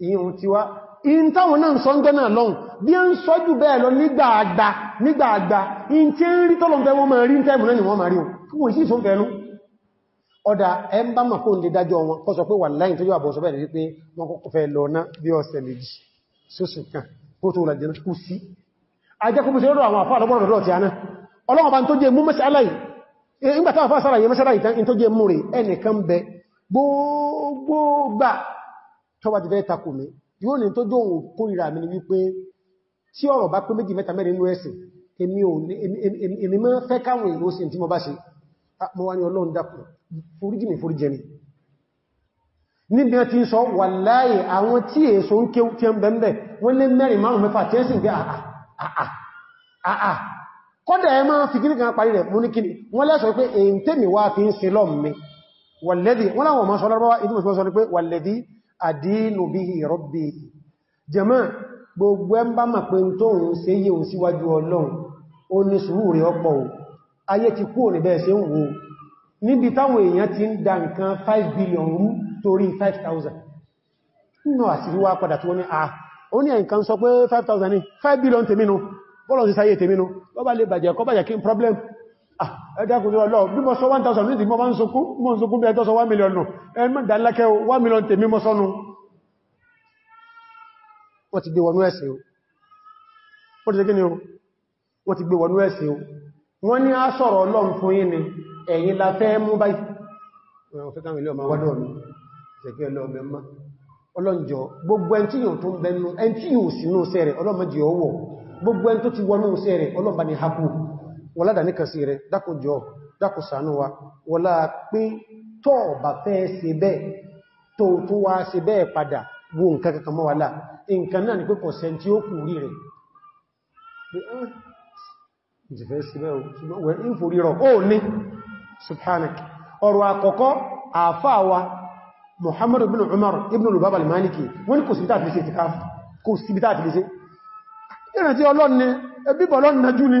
ìhun ti wá in táwọn náà sọ ń dọ́nà lọ́n bí ń sọ jù bẹ́ẹ̀ lọ nígbàgbà nígbàgbà in tí ń rí tọ́lọ̀ fẹ́ wọ́n máa rí tẹ́mù náà ni wọ́n máa rí wọn sí ìsún fẹ́nu ọ̀dà ẹmbá mọ̀ fóòndé dájọ́ wọn kọ́ sọ pé wà láyìn tó yọ àbọ̀ sọ́bẹ̀ rí pé wọ́n kọ́kọ́ fẹ́ lọ ná bí ọ̀sẹ̀ méjì sósù kan kó tó wùlà jẹ́nà kú yẹ mẹ́sẹ̀ aláì tó jẹ mú rẹ̀ ẹnìkan bẹ gbogbo tọ́wà ti fẹ́ takò mí yóò ní tó jóun kórìíra mi ni wípé tí ọ̀rọ̀ bá pé méjì mẹ́ta mẹ́rin inú ẹ̀sìn èmi mọ́ fẹ́ káwọn èrò sí tí mo bá ṣe ah, mo wá ní ọlọ́run dákùn foríjì mi foríjì mi níbi ẹ ti sọ wà láyé àwọn tí èso ń kéw tí ẹ ń bẹ̀m̀bẹ̀ wọ́n lé mẹ́rin márùn mẹ́fà tí ẹ sì ń gbé àà ah, ah, máa fi kíníkan parí rẹ̀ mú ní kíní wọ́n lẹ́sọ̀ pé èyí tèmi wá fi ń sin lọ́m mi wàlẹ́dì wọ́n láwọn ọmọ sọ lọ́rọ̀ àdínú bí i rọ́bí jẹmọ́ gbogbo ẹn bá máa pé tó ń ṣe yíò síwájú ọlọ́run ó ní sùúrù rẹ̀ ọ̀pọ̀ o ayé ti kúrò ní bẹ́ẹ̀ ṣe ń wo níbi táwọn èèyàn ti ń da nǹkan 5 billion rú torí 5,000 nínú àṣírí wá padà tí wọ́n ní àà ó ní ẹ̀nkan sọ pé 5,000 ní 5 billion tèmínú bọ́lọ̀ sí sáyé tèmínú bọ́bá lè bàjẹ́ kọ́ bàjẹ́ kí n problem Ah, ẹgbẹ́kùnrin ọlọ́ bí mọ́ sọ 1,000 ní ìdìmọ́ ń sọkún mọ́ ń sọkún bí ẹjọ́ sọ 1 million nù ẹgbẹ́ ìdálákẹ́ 1 million tèmi mọ́ sọ́nu wọ́n ti gbé wọnú ẹ̀sẹ̀ o wọ́n ti gíní o wọ́n ti gbé wọnú ẹ̀sẹ̀ o wọ́n ní á sọ̀rọ̀ ọlọ́run fún yín ni ẹ̀yin la fẹ́ mú báyìí gbogbo ẹni tó ti wọnú iṣẹ́ rẹ̀ ọlọ́mọba ni hapu wọlá dà ní kàsí rẹ̀ dákùn jọ dákùn sànú wa wọlá pín tọ́ bà fẹ́ ṣe bẹ́ẹ̀ tó tó wá ṣe bẹ́ẹ̀ padà wo nǹkan kankan mọ́ wàlá nǹkan náà ni pé kọ̀sẹ̀n tí ó kù rí rẹ̀ ọ̀rọ̀ wa Muhammadu ibn Umar ibn Lubaba al-Maliki wọ́n ni kò sí tàbí ṣe ti káfù kò sí bí tàbí ṣe ọlọ́ni ẹbíbọ̀ ọlọ́ni nájú ni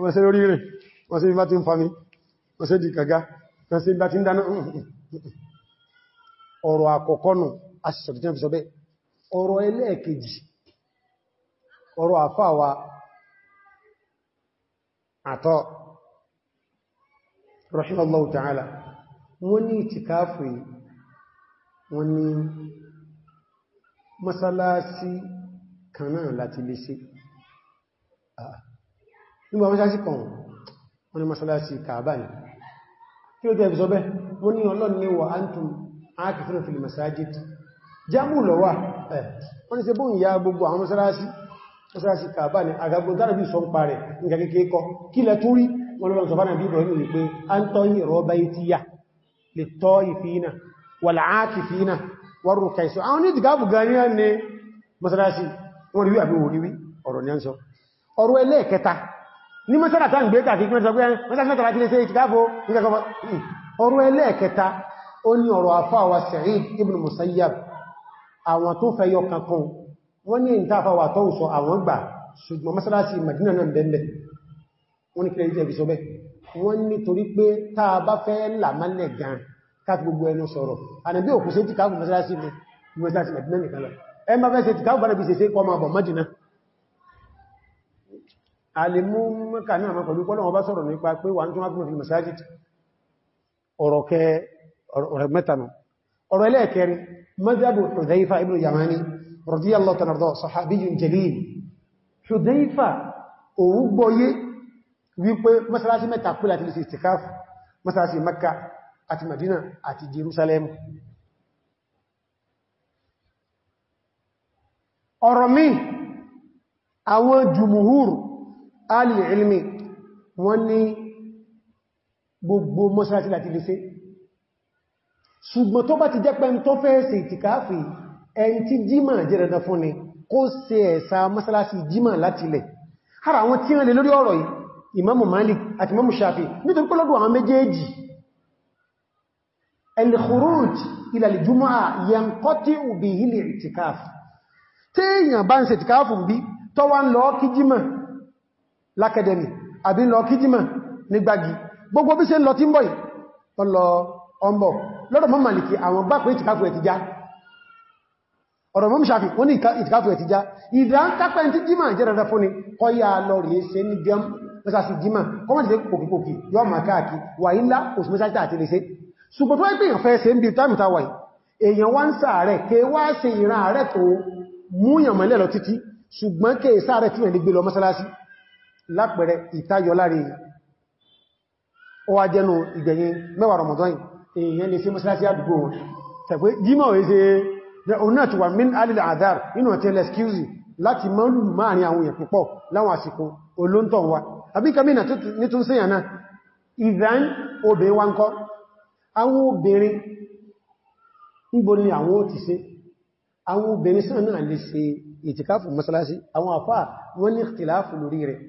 wọ́n sí lórí rẹ̀ wọ́n sí bá ti ń fami wọ́n sí di kàga wọ́n sí bá ti ń dáná ọ̀rọ̀ àkọ́kọ́ nù aṣìṣọ̀tí ọ̀rọ̀ ẹlẹ́ẹ̀kejì ọ̀rọ̀ àfáwà àtọ́ rahimallahu ta'ala wọ́n ní ìtìkáfù wọ́n ní masalasi kanáà láti lè ṣe àà ah, nígbà wọ́n sásí kan wọ́n ni masalasi kàbà ní kí ó tẹ́ fi sọ bẹ́ wọ́n ni ọlọ́run ni wà antum akifuna fil masajid jamu lọ wà ẹ̀ wọ́n ni ṣe bóhùn ya gbogbo àwọn masalasi masalasi kàbà ní agagbogbo bí sọ ń parẹ̀ nígbà kéèké kọ kí lẹ tó rí wọ́n lọ́rọ̀ sọfánà bí ibrahim ni pé an ní mẹ́sàdà tán gbé kàkí pínlẹ̀ sọgbé mẹ́sàdà mẹ́ta láti lè ṣe ìtìkáfò ìgbàgbọ́ hmm. ọ̀rọ̀ ẹlẹ́ẹ̀kẹta ó ní ọ̀rọ̀ àfáwà Sa'id ibn Musayyab àwọn tó fẹ́ yọ kankan wọ́n ní ìtafàwà tó sọ àwọn gbà ṣùgbọ́n mẹ́sàdásí Madina náà bẹ̀m̀bẹ̀ wọ́n ní kílẹ̀ ìjẹ́bì sọ́bẹ̀ wọ́n ní torí pé tá a bá fẹ́ làmálẹ̀ gan káàkiri gbogbo ẹnu sọ̀rọ̀ ànàbí òkú sí ti káàkiri mẹ́sàdásí Madina nìkan lọ ẹ má alìmú mẹ́ka ní àmà pẹ̀lú pọ́lọ̀ ọba sọ̀rọ̀ nípa pé wà ń tún ápùn fìlì masajid ọ̀rọ̀ mẹ́tànà ọ̀rọ̀ ẹlẹ́ẹ̀kẹrin mazhabu Hudhaifa ibn Yamani radiyallahu tanardo sahabiyun jalil Hudhaifa òun gbọ́yé wípé masalasi mẹ́ta pẹ́lá ti lè ṣe istikaf masalasi Makka àti Madina alì ilmi wọ́n ní gbogbo mọ́sálásí láti lè ṣe ṣùgbọ́n tó bá ti jẹ́ pẹ́ tó fẹ́ ṣe ìtìkáàfì ẹn tí jímà jẹ́ dandan fún ni kó ṣe ẹ̀sà mọ́sálásí jímà láti lẹ̀ ara àwọn tí wọ́n lè lórí ọ̀rọ̀ yìí imamu malik àti imamu shafi nítorí pọ́lọ́dọ̀ èèyàn bá ń ṣe bí tọ́wà ń lọ kí jímà lákẹ́dẹ̀mì àbí lọ kíjímà ní gbági gbogbo bí ṣe ń lọ tí ń bọ̀ ọlọ ọmọ lọ́dọ̀ mọ́ màlìkì àwọn bá ìtìkáfù ẹ̀ ti já ọ̀rọ̀ mọ́ mìṣàfi wọ́n ní ìtìkáfù ẹ̀ ti já ìdá ń tápẹ́ tí jímà jẹ́ rẹ̀ fún ni kọ́ yá lọ rí ṣe ní gẹ́m mẹ́sàsì jímà kọ́mọ̀ ti pòkìpòkì yọ mà káàkì wà ńlá oṣù mẹ́sàtà àti lè ṣe ṣùgbọ́n tó wáyé pé èèyàn fẹ́ ṣe ń bí táìmù táwà èèyàn wá ń sàárẹ̀ tí wọ́n lè gbé lọ mọ́sálásí lápẹẹrẹ ìtayọ láre ó wá jẹ́nu ìgbẹ̀yìn mẹ́wàá Ramadan èèyàn lè sí mọ́sílásí àdúgbò wọn tẹ̀pẹ́ jímọ̀ èsè onátùwà min alil adhar inú ọ̀tẹ́ lẹ́skíúzì láti mọ́ lù máàrin àwọn èèyàn púpọ̀ láwọn àsìkò olóntọ̀ wa àbíkàmínà nítún sẹ́yàn náà ìdán obìnrin wa ń kọ́ àwọn obìnrin níbo ni àwọn ó ti ṣe ìtìkáfù mọ́sálásí àwọn àfáà wọ́n ní ìtìláfù lórí rẹ̀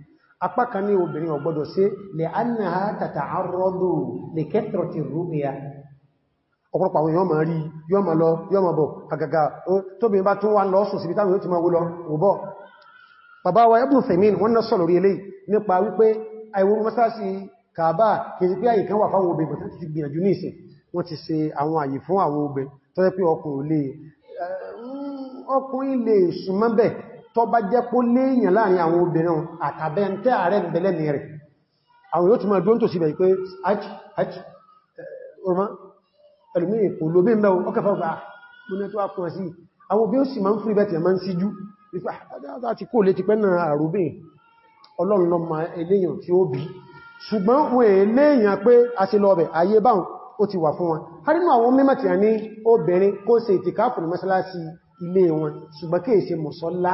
apákan ní obìnrin ọ̀gbọ́dọ̀ sí lè annáha tàtà arọ́dù lè kẹ́tọ̀ ti rúbíà ọ̀pọ̀lọpọ̀ àwọn èèyàn ma rí yọ́ ma lọ yọ́ ma bọ̀ àgàgà tóbi bá tún wá lọ sùn síbi táwọn yóò ti ma wó lọ rúbọ̀ bàbá wa Ibn Uthaymeen wọ́n ná sọ̀rọ̀ rí ilé nípa wípé tó bá jẹ́ pó léèyàn láàrin àwọn obìnrin àtàbẹ́ntẹ́ ààrẹ ìbẹ̀lẹ̀ ní rẹ̀ àwọn yóò tún máa dúró tó síbẹ̀ pé hajj hajj ọmọ eh, ẹlùmí èkó ló bí mẹ́ ọkẹfà ọgbà múnẹ́tọ́ àkùnrin sí àwọn obí ó sì máa ń fún ìbẹ̀tì ẹ̀mọ́ sí jú láti kó lè ti pẹ́ náà àrùbí ọlọ́nlọ́mà eléyàn tí ó bí ṣùgbọ́n wọn eléyàn pé a ṣe lọ ọbẹ̀ ayé báhùn ó ti wà fún wọn a àwọn mímọ̀ a ní obìnrin kó ṣe ìtìkáfù ní mọ́sálásí ilé wọn ṣùgbọ́n kí èsè mọ̀sọ́lá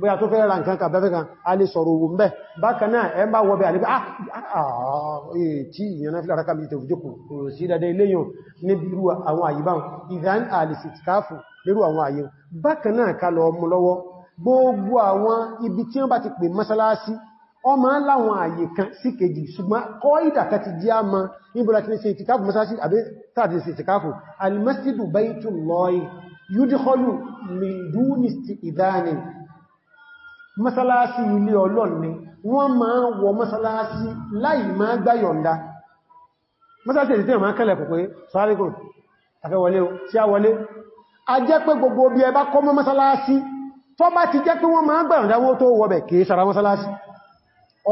bóyá tó fẹ́ ra nǹkan kàbẹ́fẹ́ kan a lè sọ̀rọ̀ owó mẹ́ bákan náà ẹ bá wọ́bẹ̀ àlébẹ́ ah, ah, ah, eh, tí ìyànà fílára kàbí ìtẹ̀ òjòkù kòrò sí dada iléyàn ní bírú àwọn àyíbáhùn ìdán àlèsì káàfù lérú àwọn àyè bákan náà ká lọ mú lọ́wọ́ gbogbo àwọn ibi tí wọ́n bá ti pè mọ́sálásí ọmọ Masalasi ilé ọlọ́ni wọ́n máa ń wọ mọ́sálásí láì máa gbáyọ̀nda mọ́sálásí èdè tí wọ́n máa kẹ́lẹ̀ pẹ̀pẹ̀ sọ́rọ̀lẹ́gùn tàfẹ́ wọlé o tí a wọlé a jẹ́ pé gbogbo bí ẹ bá kọ́ mọ́ masalasi tó bá ti jẹ́ pé wọ́n máa gbáyọ̀nda wó tó wọbẹ̀ kìí sara mọ́sálásí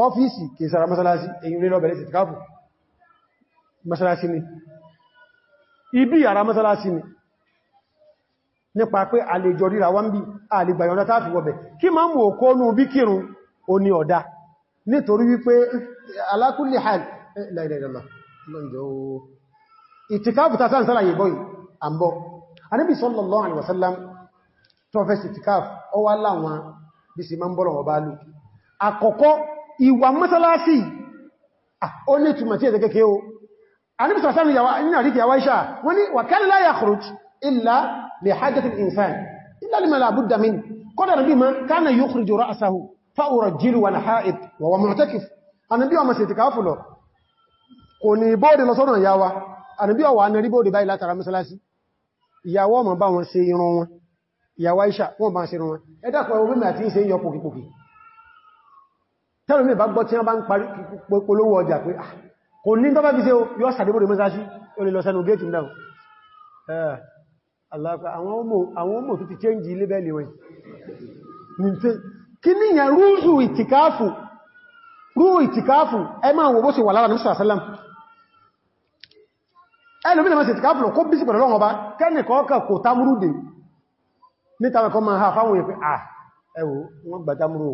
ọ́fíìsì kìí sara mọ́sálásí èyí rí lọ́bẹ̀rẹ̀ sí ni ibi ara mọ́sálásí ni nípa pé àlejò ríra wá ń bí àlègbàyànlá tààfi wọ̀bẹ̀ kí máa mú òkó ní bí kírun o ní ọ̀dá nítorí wípé alákùnlé hàn láìrẹ̀lọ́lọ́ ìtìkáàfù sallallahu alaihi wasallam tó fẹ́ sí ìtìkáàfù ó wá láwọn bí sí máa ń bọ́rọ̀ ọba lù àkọ́kọ́ ìwà mọ́sálásì ó ní ìtumọ̀ tí ẹ̀tẹ́kẹ́kẹ́ o anábì sallallahu إلا لحاجة الإنسان إلا لما لا بد منه قال نبي ما كان يخرج رأسه فأرجل ونحائط وهو معتكف النبي وما سيتكافه له كوني بودي لصنع ياوى النبي وأنا ريبودي باي لا ترى مسلاسي ìyàwó ọmọ bá wọn ṣe irun wọn ìyàwó Aisha wọn bá ṣe irun wọn ẹ̀dàkọ̀ ẹwọ mímẹ̀ àti ìṣe yọ pòkìpòkì tẹ́lùmí bá gbọ́ tí wọ́n bá ń parí polówó ọjà pé kò ní tọ́bá fi ṣe yọ́ sàdébòrè mọ́sáṣí olè lọ sẹ́nu gẹ́ẹ̀tì náà aláàpá àwọn ọmọ tó ti change ilé bẹ́ẹ̀lì wọn kí ní yẹn rúrù ìtìkáàfù rúrù ìtìkáàfù ẹ máa wò bó ṣe wà lára ní sàásálàm ẹlòmínà máa ṣe ìtìkáàfù lọ kó bí sí pẹ̀lọ́wọ́ bá kẹ́nì kọ́ọ̀kà kò támúrúdè níta ẹ̀kọ́ máa ha fáwọn èèpẹ̀ à ah, ẹwò wọ́n gbàtámúrú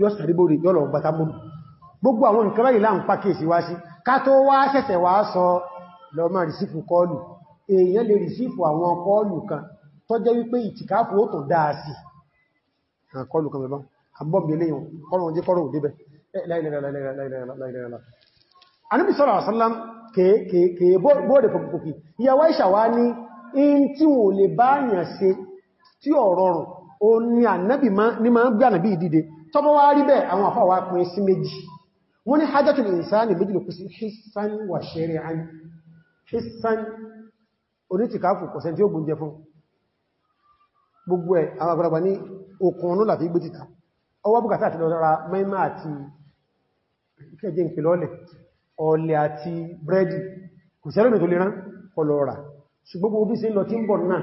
yóò sàríbórí yóò lọ gbàtámúrú gbogbo àwọn nǹkan èèyàn lè rìsífù àwọn kọlù kan tó jẹ́ wípé ìtìkáfù ó tó dáa sí kọlù kan mẹ́bá àbọ́bì eléyàn kọlù jẹ́ kọlù débẹ̀ eh, Ànábì sallallahu alaihi wasallam kèèkèé bóòdè pọ̀pọ̀pì ìyàwó ìṣàwá ní in tí wò lè o ní ànábì ní máa ń gbé ànábì ìdíde tọ́bọ́ wá rí bẹ́ àwọn àfáwà pín sí méjì wọ́n ní hajjatul insani méjì lòkú sí hissan wa shari'an hissan onítìkáfù kọ̀sẹ̀ tí ó gùn jẹ fún gbogbo ẹ̀ àwọn àgbàlagbà ní okùn ọ̀nà láti gbé títà ọwọ́ bùkátà àti lọ́dára mẹ́mà àti kẹjẹ ìpìlọ́lẹ̀ ọ̀lẹ̀ àti brẹ́dì kò sẹ́lẹ̀ tó lè rán ọlọ́ra ṣùgbọ́n gbogbo bí ṣe lọ tí ń bọ̀ náà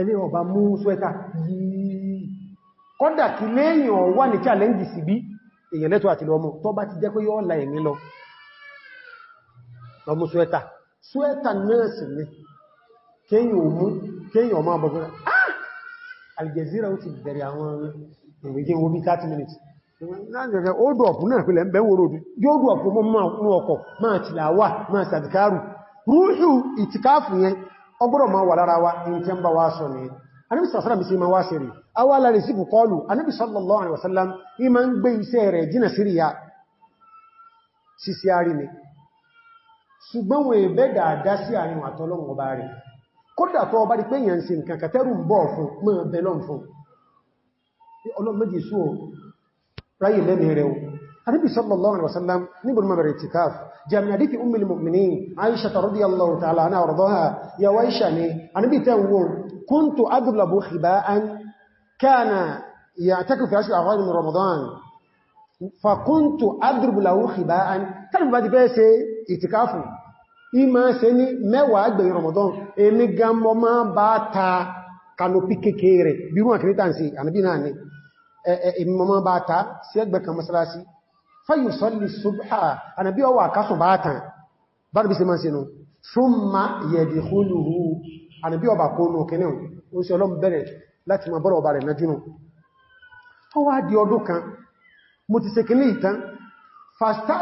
ẹni ọba mú sweater yìí kọ́dà kí léyìn ọ̀wà ní tí a lẹ́ǹdì sí bí èyàn lẹ́tọ́ àti lọ́mọ tó bá ti jẹ́ pé yọ́ la ẹ̀mí lọ lọ́mú sweater sweater náà sì ní kéyìn òmú kéyìn ọmọ abọ́gbọ́n ah Al Jazeera ó ti bẹ̀rẹ̀ àwọn ìrìnjẹ́ wo bí 30 minutes ódù ọ̀pù náà pẹ̀lẹ̀ ẹ̀bẹ̀ wòrò òdù yóò dù ọ̀pù mọ́ ọkọ̀ máa tìlàwà máa sàdìkárù rúhù ọgbọ́rọ̀ ma wà lára wa in tí ń bá wá sọ ní anábi sàásàrà mi sí ma wá sí rí awá lárí sí bù kọlù anábi sallallahu alaihi wasallam ní ma ń gbé iṣẹ́ rẹ̀ jìnà sí ríyà sí sí àrí ni ṣùgbọ́n wọ́n ẹ̀bẹ́ dáadáa sí àrin àtọ́lọ́wọ́ ọba rí pé yẹn sí lẹ́mìí rẹ̀ o anábi sallallahu alaihi wasallam níbo ni ma bẹ̀rẹ̀ جاء من حديث ام المؤمنين عائشه رضي الله تعالى عنها وارضاها يا عائشه ني انا بي تنور كنت اغلب خباء كان يعتكف في عشر اغاني من رمضان فكنت اضرب له خباء كان بعد بي سي اعتكاف ima se ni mẹ́wàá gbẹ̀yìn Ramadan èmi gan mo máa bá ta kanopi kékeré bí wọ́n kìrítà ń se ànàbí náà ni èmi mo máa bá ta sí ẹgbẹ̀ kan mọ́sálásí fayusalli subha ànàbí ọwọ́ àkásùn bá tàn bárbí sí máa sínú ṣúnmà yẹ̀dìkúlùú ànàbí ọba kó nù kẹ́nẹ̀ ó sì ọlọ́m bẹ̀rẹ̀ láti ma bọ́rọ̀ ọba rẹ̀ nájúnù ó wá di ọdún kan mo ti sẹ̀kìlì ìtàn lọ́dọ̀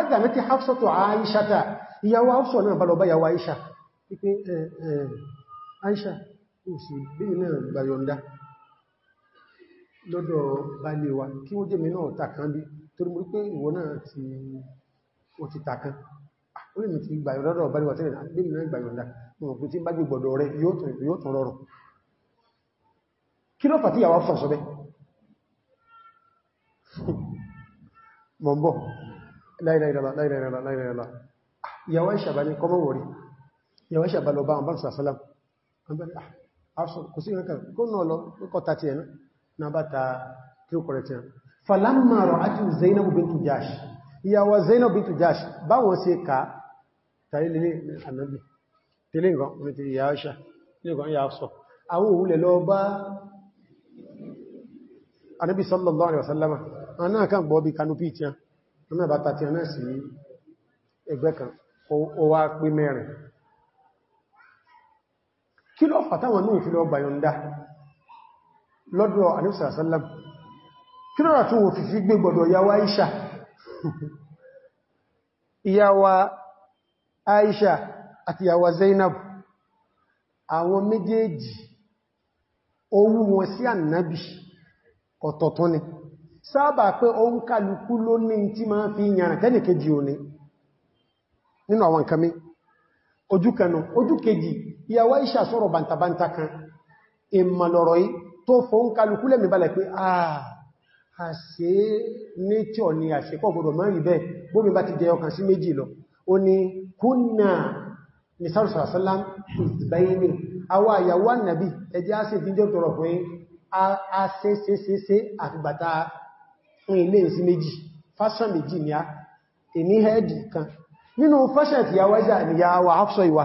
bá wa kí wọ́n jẹ́ mi náà tàkàn bí torí mú pé ìwọ náà ti o ti tàkan ó lè mi ti gbàyàn lọ́dọ̀ ọ̀bá níwà tẹ́lẹ̀ àgbé mìíràn gbàyàn dá mọ̀ pé tí bá gbé gbọ̀dọ̀ rẹ yóò tún rọrùn kí ló fà tí ìyàwó fọ̀ sọ́bẹ́ mọ̀mbọ̀ láìláìlá ìyàwó ìṣàbá ní kọmọ wọ̀rí ìyàwó ìṣàbá lọ bá ọ̀bá sàfẹ́lá ah, kò sí ìrìnkà kó náà lọ kọta ti ẹ̀nà náà bá ta kí ó kọrẹ̀ ti ẹ̀nà falamma ra'atu zainab bintu jash ìyàwó zainab bintu jash báwọn ṣe ka tàí lè ànábì tẹ́lẹ̀ nǹkan ní ti ìyà ọ́ṣà nǹkan ìyà ọ́ṣọ́ àwọn òun lè lọ bá ànábì sallallahu alaihi wasallama aná kan gbọ́ bí kanopi tí wọ́n náà bá tàti aná sí ẹgbẹ́ kan ó wá sallallahu alaihi wasallam kí lọ́rọ̀ tó wò fi fi gbé ìyàwó Aisha ìyàwó Aisha àti ìyàwó Zainab àwọn méjèèjì owó wọn sí ànábì ni sábà pé o ń kàlùkú ló ní fi nínú àwọn nǹkan mi ojú kanú ìyàwó Aisha kan ìmọ̀lọ̀rọ̀ yìí tó ń kàlùkú lẹ́mìbalẹ̀ pé ah, àṣẹ nẹ́tọ̀ ni àṣẹ́kọ̀ gbọdọ̀ máa rí bẹ́ bóbi bá ti jẹ ọkàn sí méjì lọ o ni kúnnà ní sárùsàrásálám ìbáyíní àwa àyàwó ànàbí ẹjẹ́ àṣẹ ìfíjọ́ tọrọ fún àṣẹ́ṣẹ́ṣẹ́ àfìgbàta fún ilé sí méjì fásán méjì ni a èmi hẹ́ẹ̀dì kan nínú fásán ti yàwó ẹjà ni yàwó Hafsa ìwà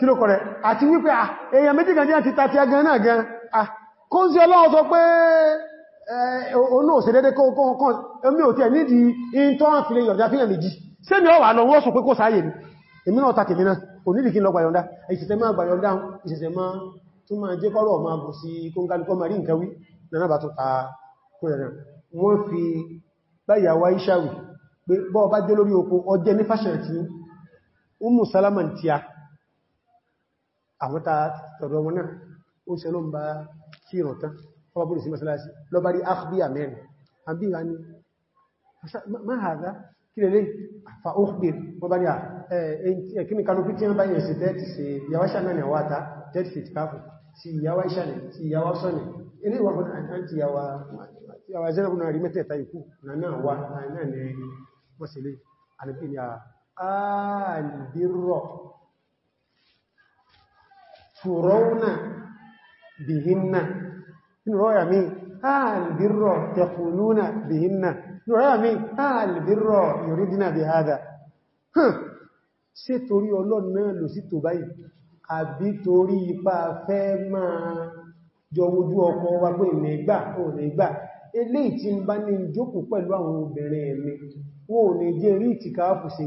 kí ló kọ̀rẹ̀ àti wípé ah, èèyàn méjì gan jẹ́ ti tàti agan náà gan ah, kó ń sí ọlọ́wọ́ sọ pé ọ̀nà òsè dédé kọ́ọ̀kan èmi ò tí ẹ̀ nídi intern file yọ̀dá fíyàn méjì sí mi ọwà lọ wọ́sùn pé kó sáyè ní èmi náà tàtì mìíràn onídìí kí lọ gbàyọ̀ndá ìṣẹ̀ṣẹ̀ máa gbàyọ̀ndá ìṣẹ̀ṣẹ̀ máa tún máa jẹ́ kọ́rọ̀ máa gùn sí kóngalikọ́ marí nǹkan wí náà bá tún ta kúrẹ̀rẹ̀ wọ́n lórí oko ọjẹ́ ní fásitì Umu Salaman tíá àwọn ta tọ̀dọ̀ wọn náà ó ṣe ló ń bá kí ìrọ̀tán ọwọ́ bóòrò sí mọ́sálásí lọ bá rí akhbiya mẹ́rin àbí ìwà ni ma hadha kí lẹ́lẹ́ fa ukhbir wọ́n bá rí ẹ̀kíní kanopi tí wọ́n bá yẹn ni wáta tẹ́ẹ̀tì sí tìkáfù sí ìyàwó ìṣàlẹ̀ sí ìyàwó sọ́nì ilé ìwà fún àti ìyàwó zẹ́nàbù náà rí tùrọ́nà bìhínà inú rọ́yà mi ààlbírọ̀ tẹ̀kùnúnà bìhínà inú rọ́yà mi ààlbírọ̀ yoridina bihada ṣe torí ọlọ́nà lò sí tó báyìí àbí torí ipa fẹ́ máa jọ ojú ọkọ̀ wa pé ìnẹ̀gbà ò nẹ̀gbà eléyìí tí ń bá ní ìjókòó pẹ̀lú àwọn obìnrin ẹ̀mí wọn ò ní jẹ́ rí ìtìkáàfù sí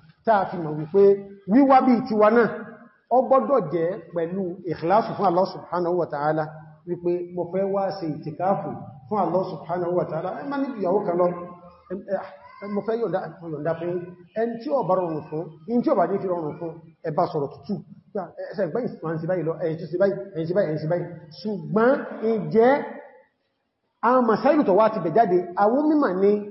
táà fi mọ̀ wípé wíwá bí tiwa náà ó gbọ́dọ̀ jẹ́ pẹ̀lú ìkìláàsù fún Allah subhanahu wa ta'ala wípé mo fẹ́ wá ṣe ìtìkáàfù fún Allah subhanahu wa ta'ala ẹ má ní ìyàwó kan lọ mo fẹ́ yọ̀nda fún ẹn tí ó bá rọrùn fún in tí ó bá ní fi rọrùn fún ẹba sọ̀rọ̀ tútù ẹsẹ̀ gbẹ́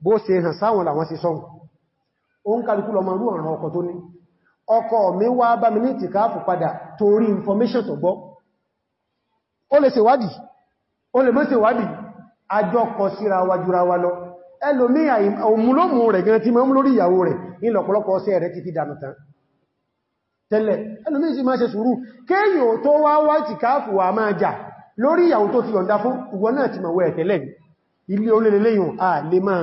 bó ṣe hàn sáwọn làwọn ṣe sọ́hùn ó ń kàlùkù lọ mọ̀rú ọ̀ràn ọkọ̀ tó ní ọkọ̀ mi wá bá mi ní ìtìkáàfù padà torí information tó gbọ́ ó lè ṣèwádìí ó lè mọ́ ṣèwádìí àjọ kọ síra wa jura wa lọ ẹlòmí òmúlòmù rẹ̀ gan tí mọ́ lórí ìyàwó rẹ̀ ní lọ̀pọ̀lọpọ̀ ọsẹ́ rẹ̀ lè máa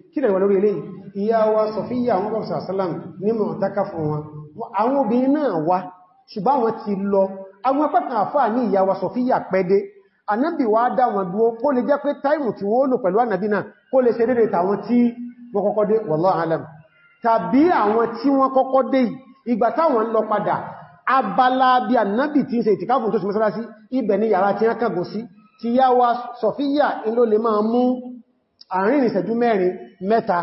kí lẹ̀wọ̀ lórí ilé ìyá wa sọfíyà àwọn ọgbọ̀sọ̀ àsálàm ní mọ̀ọ̀táká fún wọn àwọn obìnrin náà wá ṣùgbọ́n wọn ti lọ àwọn pẹ́tàn àfáà ní ìyá wa sọfíyà pẹ́dé anábì wá dá wọn dúó kó lè jẹ́ pé táìmù tí wọ́n lò pẹ̀lú ànàbì náà kó lè ṣe dédé tàwọn tí wọ́n kọ́kọ́ dé wallahu alam tàbí àwọn tí wọ́n kọ́kọ́ dé ìgbà táwọn lọ padà abala bí ànàbì tí ń ṣe ìtìkáfùn tó ṣe mọ́sálásí ibẹ̀ ni yàrá tí wọ́n kàgùn sí ti yá wa sọfíyà in lè máa mú àárín ìṣẹ́jú mẹ́rin mẹ́ta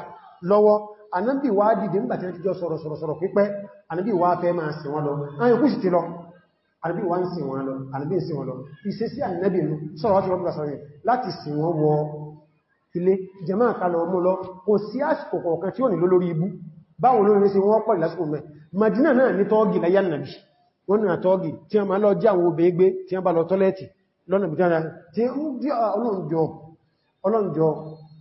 lọ́wọ́ anábì wá dìde nígbàtí wọ́n ti jọ sọ̀rọ̀ sọ̀rọ̀ sọ̀rọ̀ pípẹ́ anábì wá fẹ́ máa sìn wọ́n lọ ayọ̀kú sì ti lọ anábì wá ń sìn wọ́n lọ anábì ń sìn wọ́n lọ ìṣe sí anábì nù sọ̀rọ̀ láti wọ́n sọ̀rọ̀ láti sìn wọ́n wọ ilé jẹmọ́ àkàlọ̀ ọmọ lọ kò sí àsìkò kọ̀ọ̀kan tí ó lórí ibú sí Madina náà ní tọ́ọ̀gì wọ́n nà tọ́ọ̀gì tí a máa lọ jẹ́ àwọn obè gbé tí bá lọ lọ́nà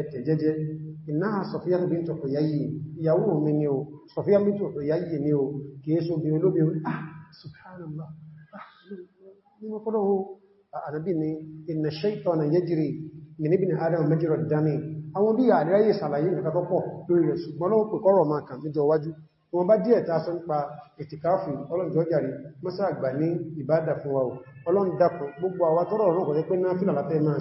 ẹ̀tẹ̀ jẹ́jẹ́ sofia sọ̀fíà bíntù Huyayyi ìyàwó mi ni o sọ̀fíà bíntù Huyayyi ni o kìí so bí olóbi ah subhanallah ah, ah, ni inna shaytana yajri min ibn adam majra dami àwọn bá díẹ̀ sọ nípa ìtìkáfù ọlọ́njọ́jàrí mọ́sá àgbà ní ìbádà fún wa gbogbo àwátọ́rọ̀ ọ̀rọ̀ pé náà látẹ́ máa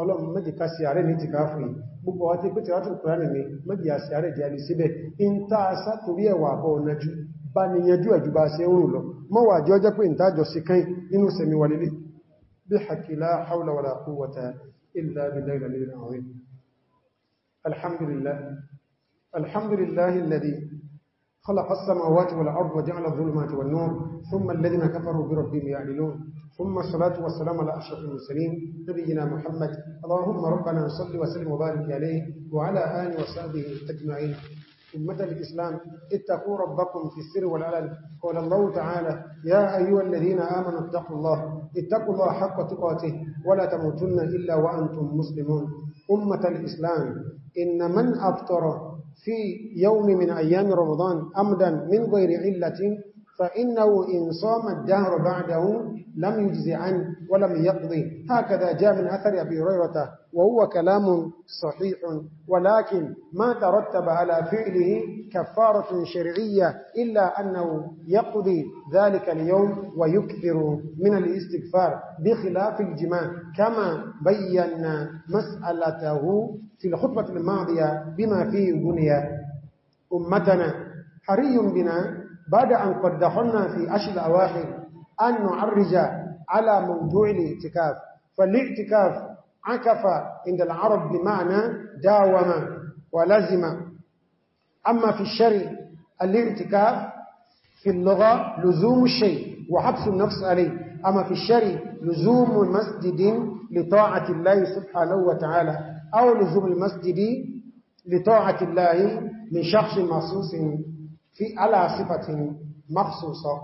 ọlọ́run méjì ká sí ààrẹ ní ti ká fún gbogbo wa tí pẹ́tẹ̀ látún kùránì ní méjì àṣì ààrẹ jẹ́ alì síbẹ̀ in ta sá torí ẹwà àbọ̀ ọ̀nàjú bá ni yanjú ẹ̀jú bá ṣe ń rò lọ mọ́wàá jọ jẹ́ pé ìtajọ sí kan nínú sẹmi wà lílé bí hakila haula خلق السماوات والأرض وجعل الظلمات والنور ثم الذين كفروا بربهم يعلنون ثم الصلاة والسلام على أشرف المرسلين نبينا محمد اللهم ربنا صل وسلم وبارك عليه وعلى آله وصحبه أجمعين أمة الإسلام اتقوا ربكم في السر والعلن قال الله تعالى يا أيها الذين آمنوا اتقوا الله اتقوا الله حق تقاته ولا تموتن إلا وأنتم مسلمون أمة الإسلام إن من أفطر في يوم من أيام رمضان أمدا من غير علة فإنه إن صام الدهر بعده لم يجز عنه ولم يقضي هكذا جاء من أثر أبي هريرة وهو كلام صحيح ولكن ما ترتب على فعله كفارة شرعية إلا أنه يقضي ذلك اليوم ويكثر من الاستغفار بخلاف الجماع كما بينا مسألته في الخطبة الماضية بما فيه بني أمتنا حري بنا بعد أن قد دخلنا في أشهر أواخر أن نعرج على موضوع الاعتكاف فالاعتكاف عكف عند العرب بمعنى داوم ولزم أما في الشرع الاعتكاف في اللغة لزوم الشيء وحبس النفس عليه أما في الشرع لزوم مسجد لطاعة الله سبحانه وتعالى أو لزوم المسجد لطاعة الله من شخص مخصوص في على صفة مخصوصة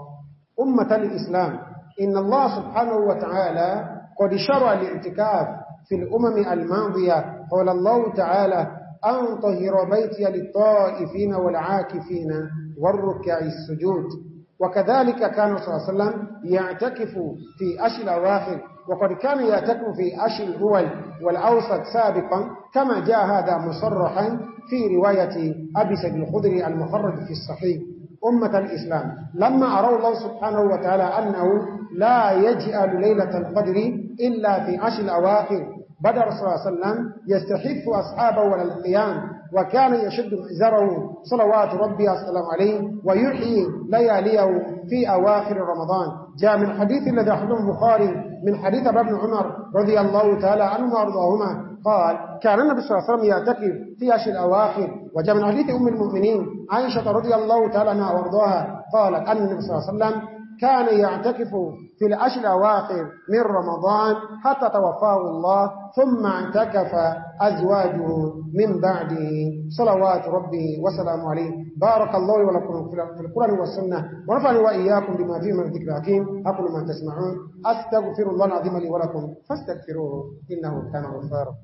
أمة الإسلام إن الله سبحانه وتعالى قد شرع الاعتكاف في الأمم الماضية قال الله تعالى أن طهر بيتي للطائفين والعاكفين والركع السجود وكذلك كان صلى الله عليه وسلم يعتكف في أشي الأواخر وقد كان يعتكف في أشي الأول والأوسط سابقا كما جاء هذا مصرحا في رواية أبي سيد الخضري المخرج في الصحيح أمة الإسلام لما أروا الله سبحانه وتعالى أنه لا يجعل ليلة القدر إلا في أشي الأواخر بدأ الرسول صلى الله عليه وسلم يستحث أصحابه على القيام وكان يشد إزاره صلوات ربي السلام عليه ويحيي لياليه في أواخر رمضان جاء من حديث الذي أخذه البخاري من حديث ابن عمر رضي الله تعالى عنه وأرضاهما قال كان النبي صلى الله عليه وسلم يعتكف في أشهر الأواخر وجاء من حديث أم المؤمنين عائشة رضي الله تعالى عنها وارضاها قالت أن النبي صلى الله عليه وسلم كان يعتكف في العشر الأواخر من رمضان حتى توفاه الله ثم اعتكف أزواجه من بعده صلوات ربي وسلام عليه بارك الله ولكم في القرآن والسنة ونفعني وإياكم بما فيه من الذكر الحكيم أقول ما تسمعون أستغفر الله العظيم لي ولكم فاستغفروه إنه كان غفارا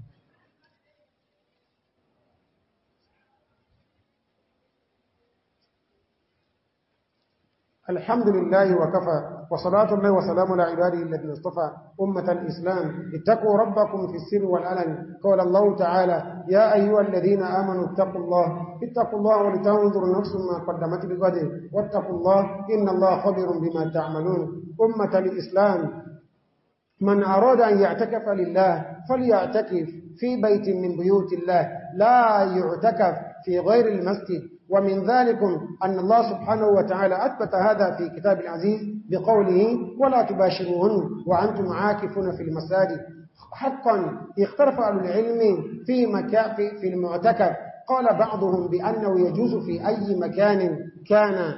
الحمد لله وكفى وصلاة الله وسلام على عباده الذي اصطفى أمة الإسلام اتقوا ربكم في السر والعلن قال الله تعالى يا أيها الذين آمنوا اتقوا الله اتقوا الله ولتنظر نفس ما قدمت بقدر واتقوا الله إن الله خبر بما تعملون أمة الإسلام من أراد أن يعتكف لله فليعتكف في بيت من بيوت الله لا يعتكف في غير المسجد ومن ذلك أن الله سبحانه وتعالى أثبت هذا في كتاب العزيز بقوله ولا تباشروهن وأنتم عاكفون في المساجد حقا اختلف أهل العلم في, مكاف في المعتكف قال بعضهم بأنه يجوز في أي مكان كان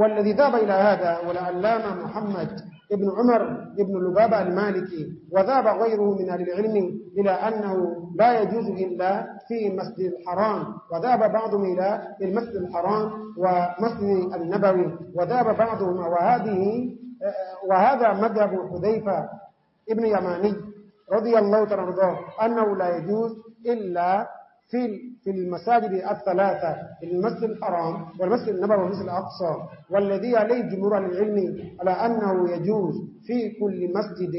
والذي ذهب إلى هذا ولعلام محمد ابن عمر ابن لبابة المالكي وذهب غيره من أهل العلم إلى أنه لا يجوز إلا في مسجد الحرام وذهب بعضهم إلى المسجد الحرام ومسجد النبوي وذهب بعضهم وهذه وهذا مذهب حذيفة ابن يماني رضي الله ترضاه أنه لا يجوز إلا في في المساجد الثلاثة المسجد الحرام والمسجد النبوي والمسجد الأقصى والذي عليه جمهور العلم على أنه يجوز في كل مسجد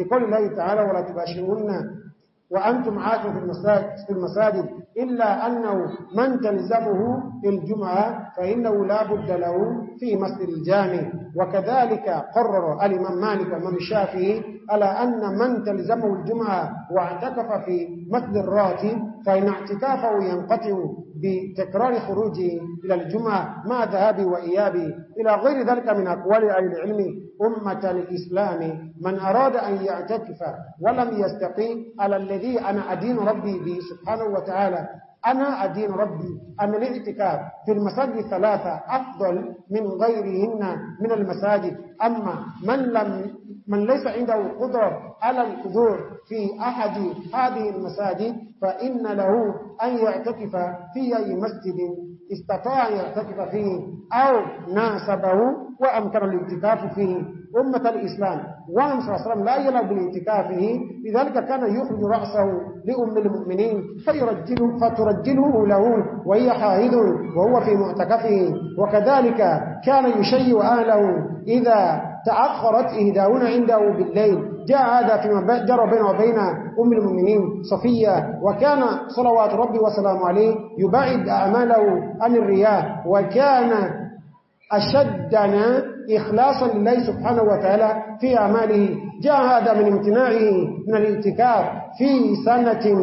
لقول الله تعالى ولا تباشرون وأنتم عاشوا في المساجد إلا أنه من تلزمه الجمعة فإنه لا بد له في مسجد الجامع وكذلك قرر الإمام مالك ومن الشافعي على أن من تلزمه الجمعة واعتكف في مسجد الراتب فإن اعتكافه ينقطع بتكرار خروجه إلى الجمعة مع ذهابي وإيابي إلى غير ذلك من أقوال أهل العلم أمة الإسلام من أراد أن يعتكف ولم يستقيم على الذي أنا أدين ربي به سبحانه وتعالى أنا أدين ربي أن الاعتكاف في المساجد الثلاثة أفضل من غيرهن من المساجد أما من, لم من ليس عنده قدرة على الحضور في أحد هذه المساجد فإن له أن يعتكف في أي مسجد استطاع يرتكب فيه أو ناسبه وأمكن الانتكاف فيه أمة الإسلام وأن صلى الله عليه وسلم لا يلعب بالانتكافه لذلك كان يخرج رأسه لأم المؤمنين فيرجله فترجله له وهي حاهد وهو في معتكفه وكذلك كان يشيع أهله إذا تأخرت إهداؤنا عنده بالليل جاء هذا فيما جرى بينه وبين أم المؤمنين صفية وكان صلوات ربي وسلامه عليه يبعد أعماله عن الرياء وكان أشدنا إخلاصا لله سبحانه وتعالى في أعماله جاء هذا من امتناعه من الالتكاف في سنة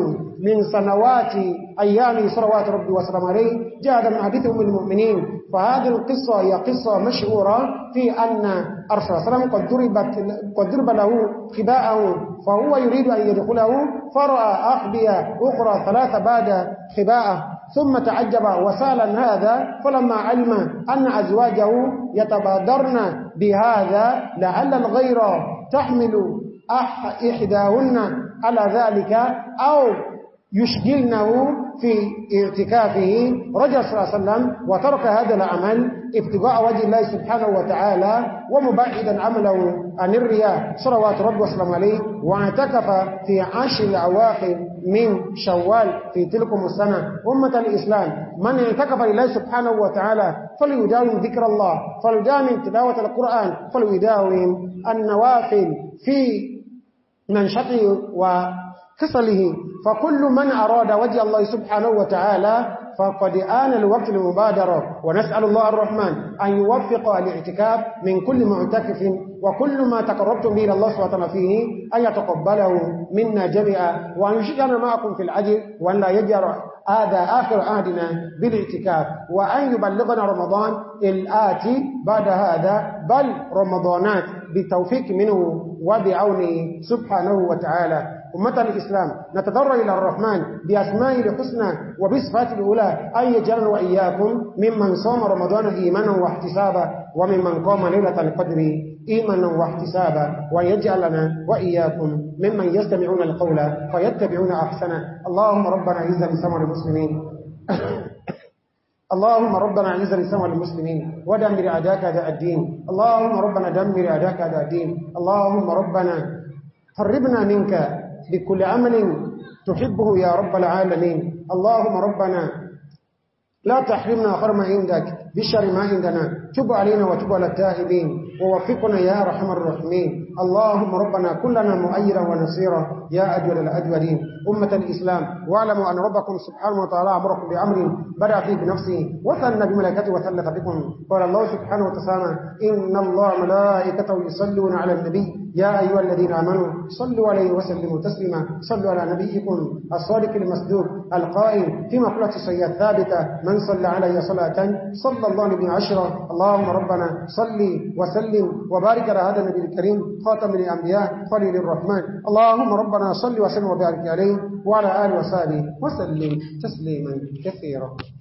من سنوات أيام صلوات ربي وسلامه عليه جاء هذا من حديث أم المؤمنين فهذه القصة هي قصة مشهورة في أن أرسل سلام قد ضربت قد ضرب له خباءه فهو يريد أن يدخله فرأى أخبية أخرى ثلاثة بعد خباءه ثم تعجب وسالا هذا فلما علم أن أزواجه يتبادرن بهذا لعل الغير تحمل إحداهن على ذلك أو يشغلنه في ارتكافه رجع صلى الله عليه وسلم وترك هذا العمل ابتقاء وجه الله سبحانه وتعالى ومبعدا عمله عن الرياء صلوات رب وسلم عليه واعتكف في عشر الأواخر من شوال في تلك السنة أمة الإسلام من اعتكف لله سبحانه وتعالى فليداوم ذكر الله فليداوم تلاوة القرآن فليداوم النوافل في منشطه و قصله فكل من أراد وجه الله سبحانه وتعالى فقد آن الوقت المبادرة ونسأل الله الرحمن أن يوفق الاعتكاف من كل معتكف وكل ما تقربتم به إلى الله سبحانه وتعالى فيه أن يتقبله منا جميعا وأن يشجعنا معكم في العجل وأن لا يجرع هذا آخر عهدنا بالاعتكاف وأن يبلغنا رمضان الآتي بعد هذا بل رمضانات بتوفيق منه وبعونه سبحانه وتعالى أمة الإسلام نتضرر إلى الرحمن بأسمائه الحسنى وبصفاته الأولى أن يجعلنا وإياكم ممن صام رمضان إيمانا واحتسابا وممن قام ليلة القدر إيمانا واحتسابا ويجعلنا وإياكم ممن يستمعون القول فيتبعون أحسنه اللهم ربنا عز لسمع المسلمين اللهم ربنا عز لسان والمسلمين ودمر أداك أداء الدين اللهم ربنا دمر أداك أداء الدين اللهم ربنا قربنا منك بكل عمل تحبه يا رب العالمين اللهم ربنا لا تحرمنا خير ما عندك بشر ما عندنا تب علينا وتب على التائبين ووفقنا يا رحم الرحمين اللهم ربنا كلنا مؤيرا ونصيرا يا أجود الأجودين أمة الإسلام واعلموا أن ربكم سبحانه وتعالى أمركم بأمر بدأ فيه بنفسه وثنى بملائكته وثلث بكم قال الله سبحانه وتعالى إن الله ملائكته يصلون على النبي يا أيها الذين آمنوا صلوا عليه وسلموا تسليما صلوا على نبيكم الصادق المصدوق القائم في مقلة سيئة الثابتة من صلى علي صلاة صلى الله عليه عشرة اللهم ربنا صلي وسلم وبارك على هذا النبي الكريم خاتم الأنبياء خليل الرحمن اللهم ربنا ربنا صل وسلم وبارك عليه وعلى آله وصحبه وسلم تسليما كثيرا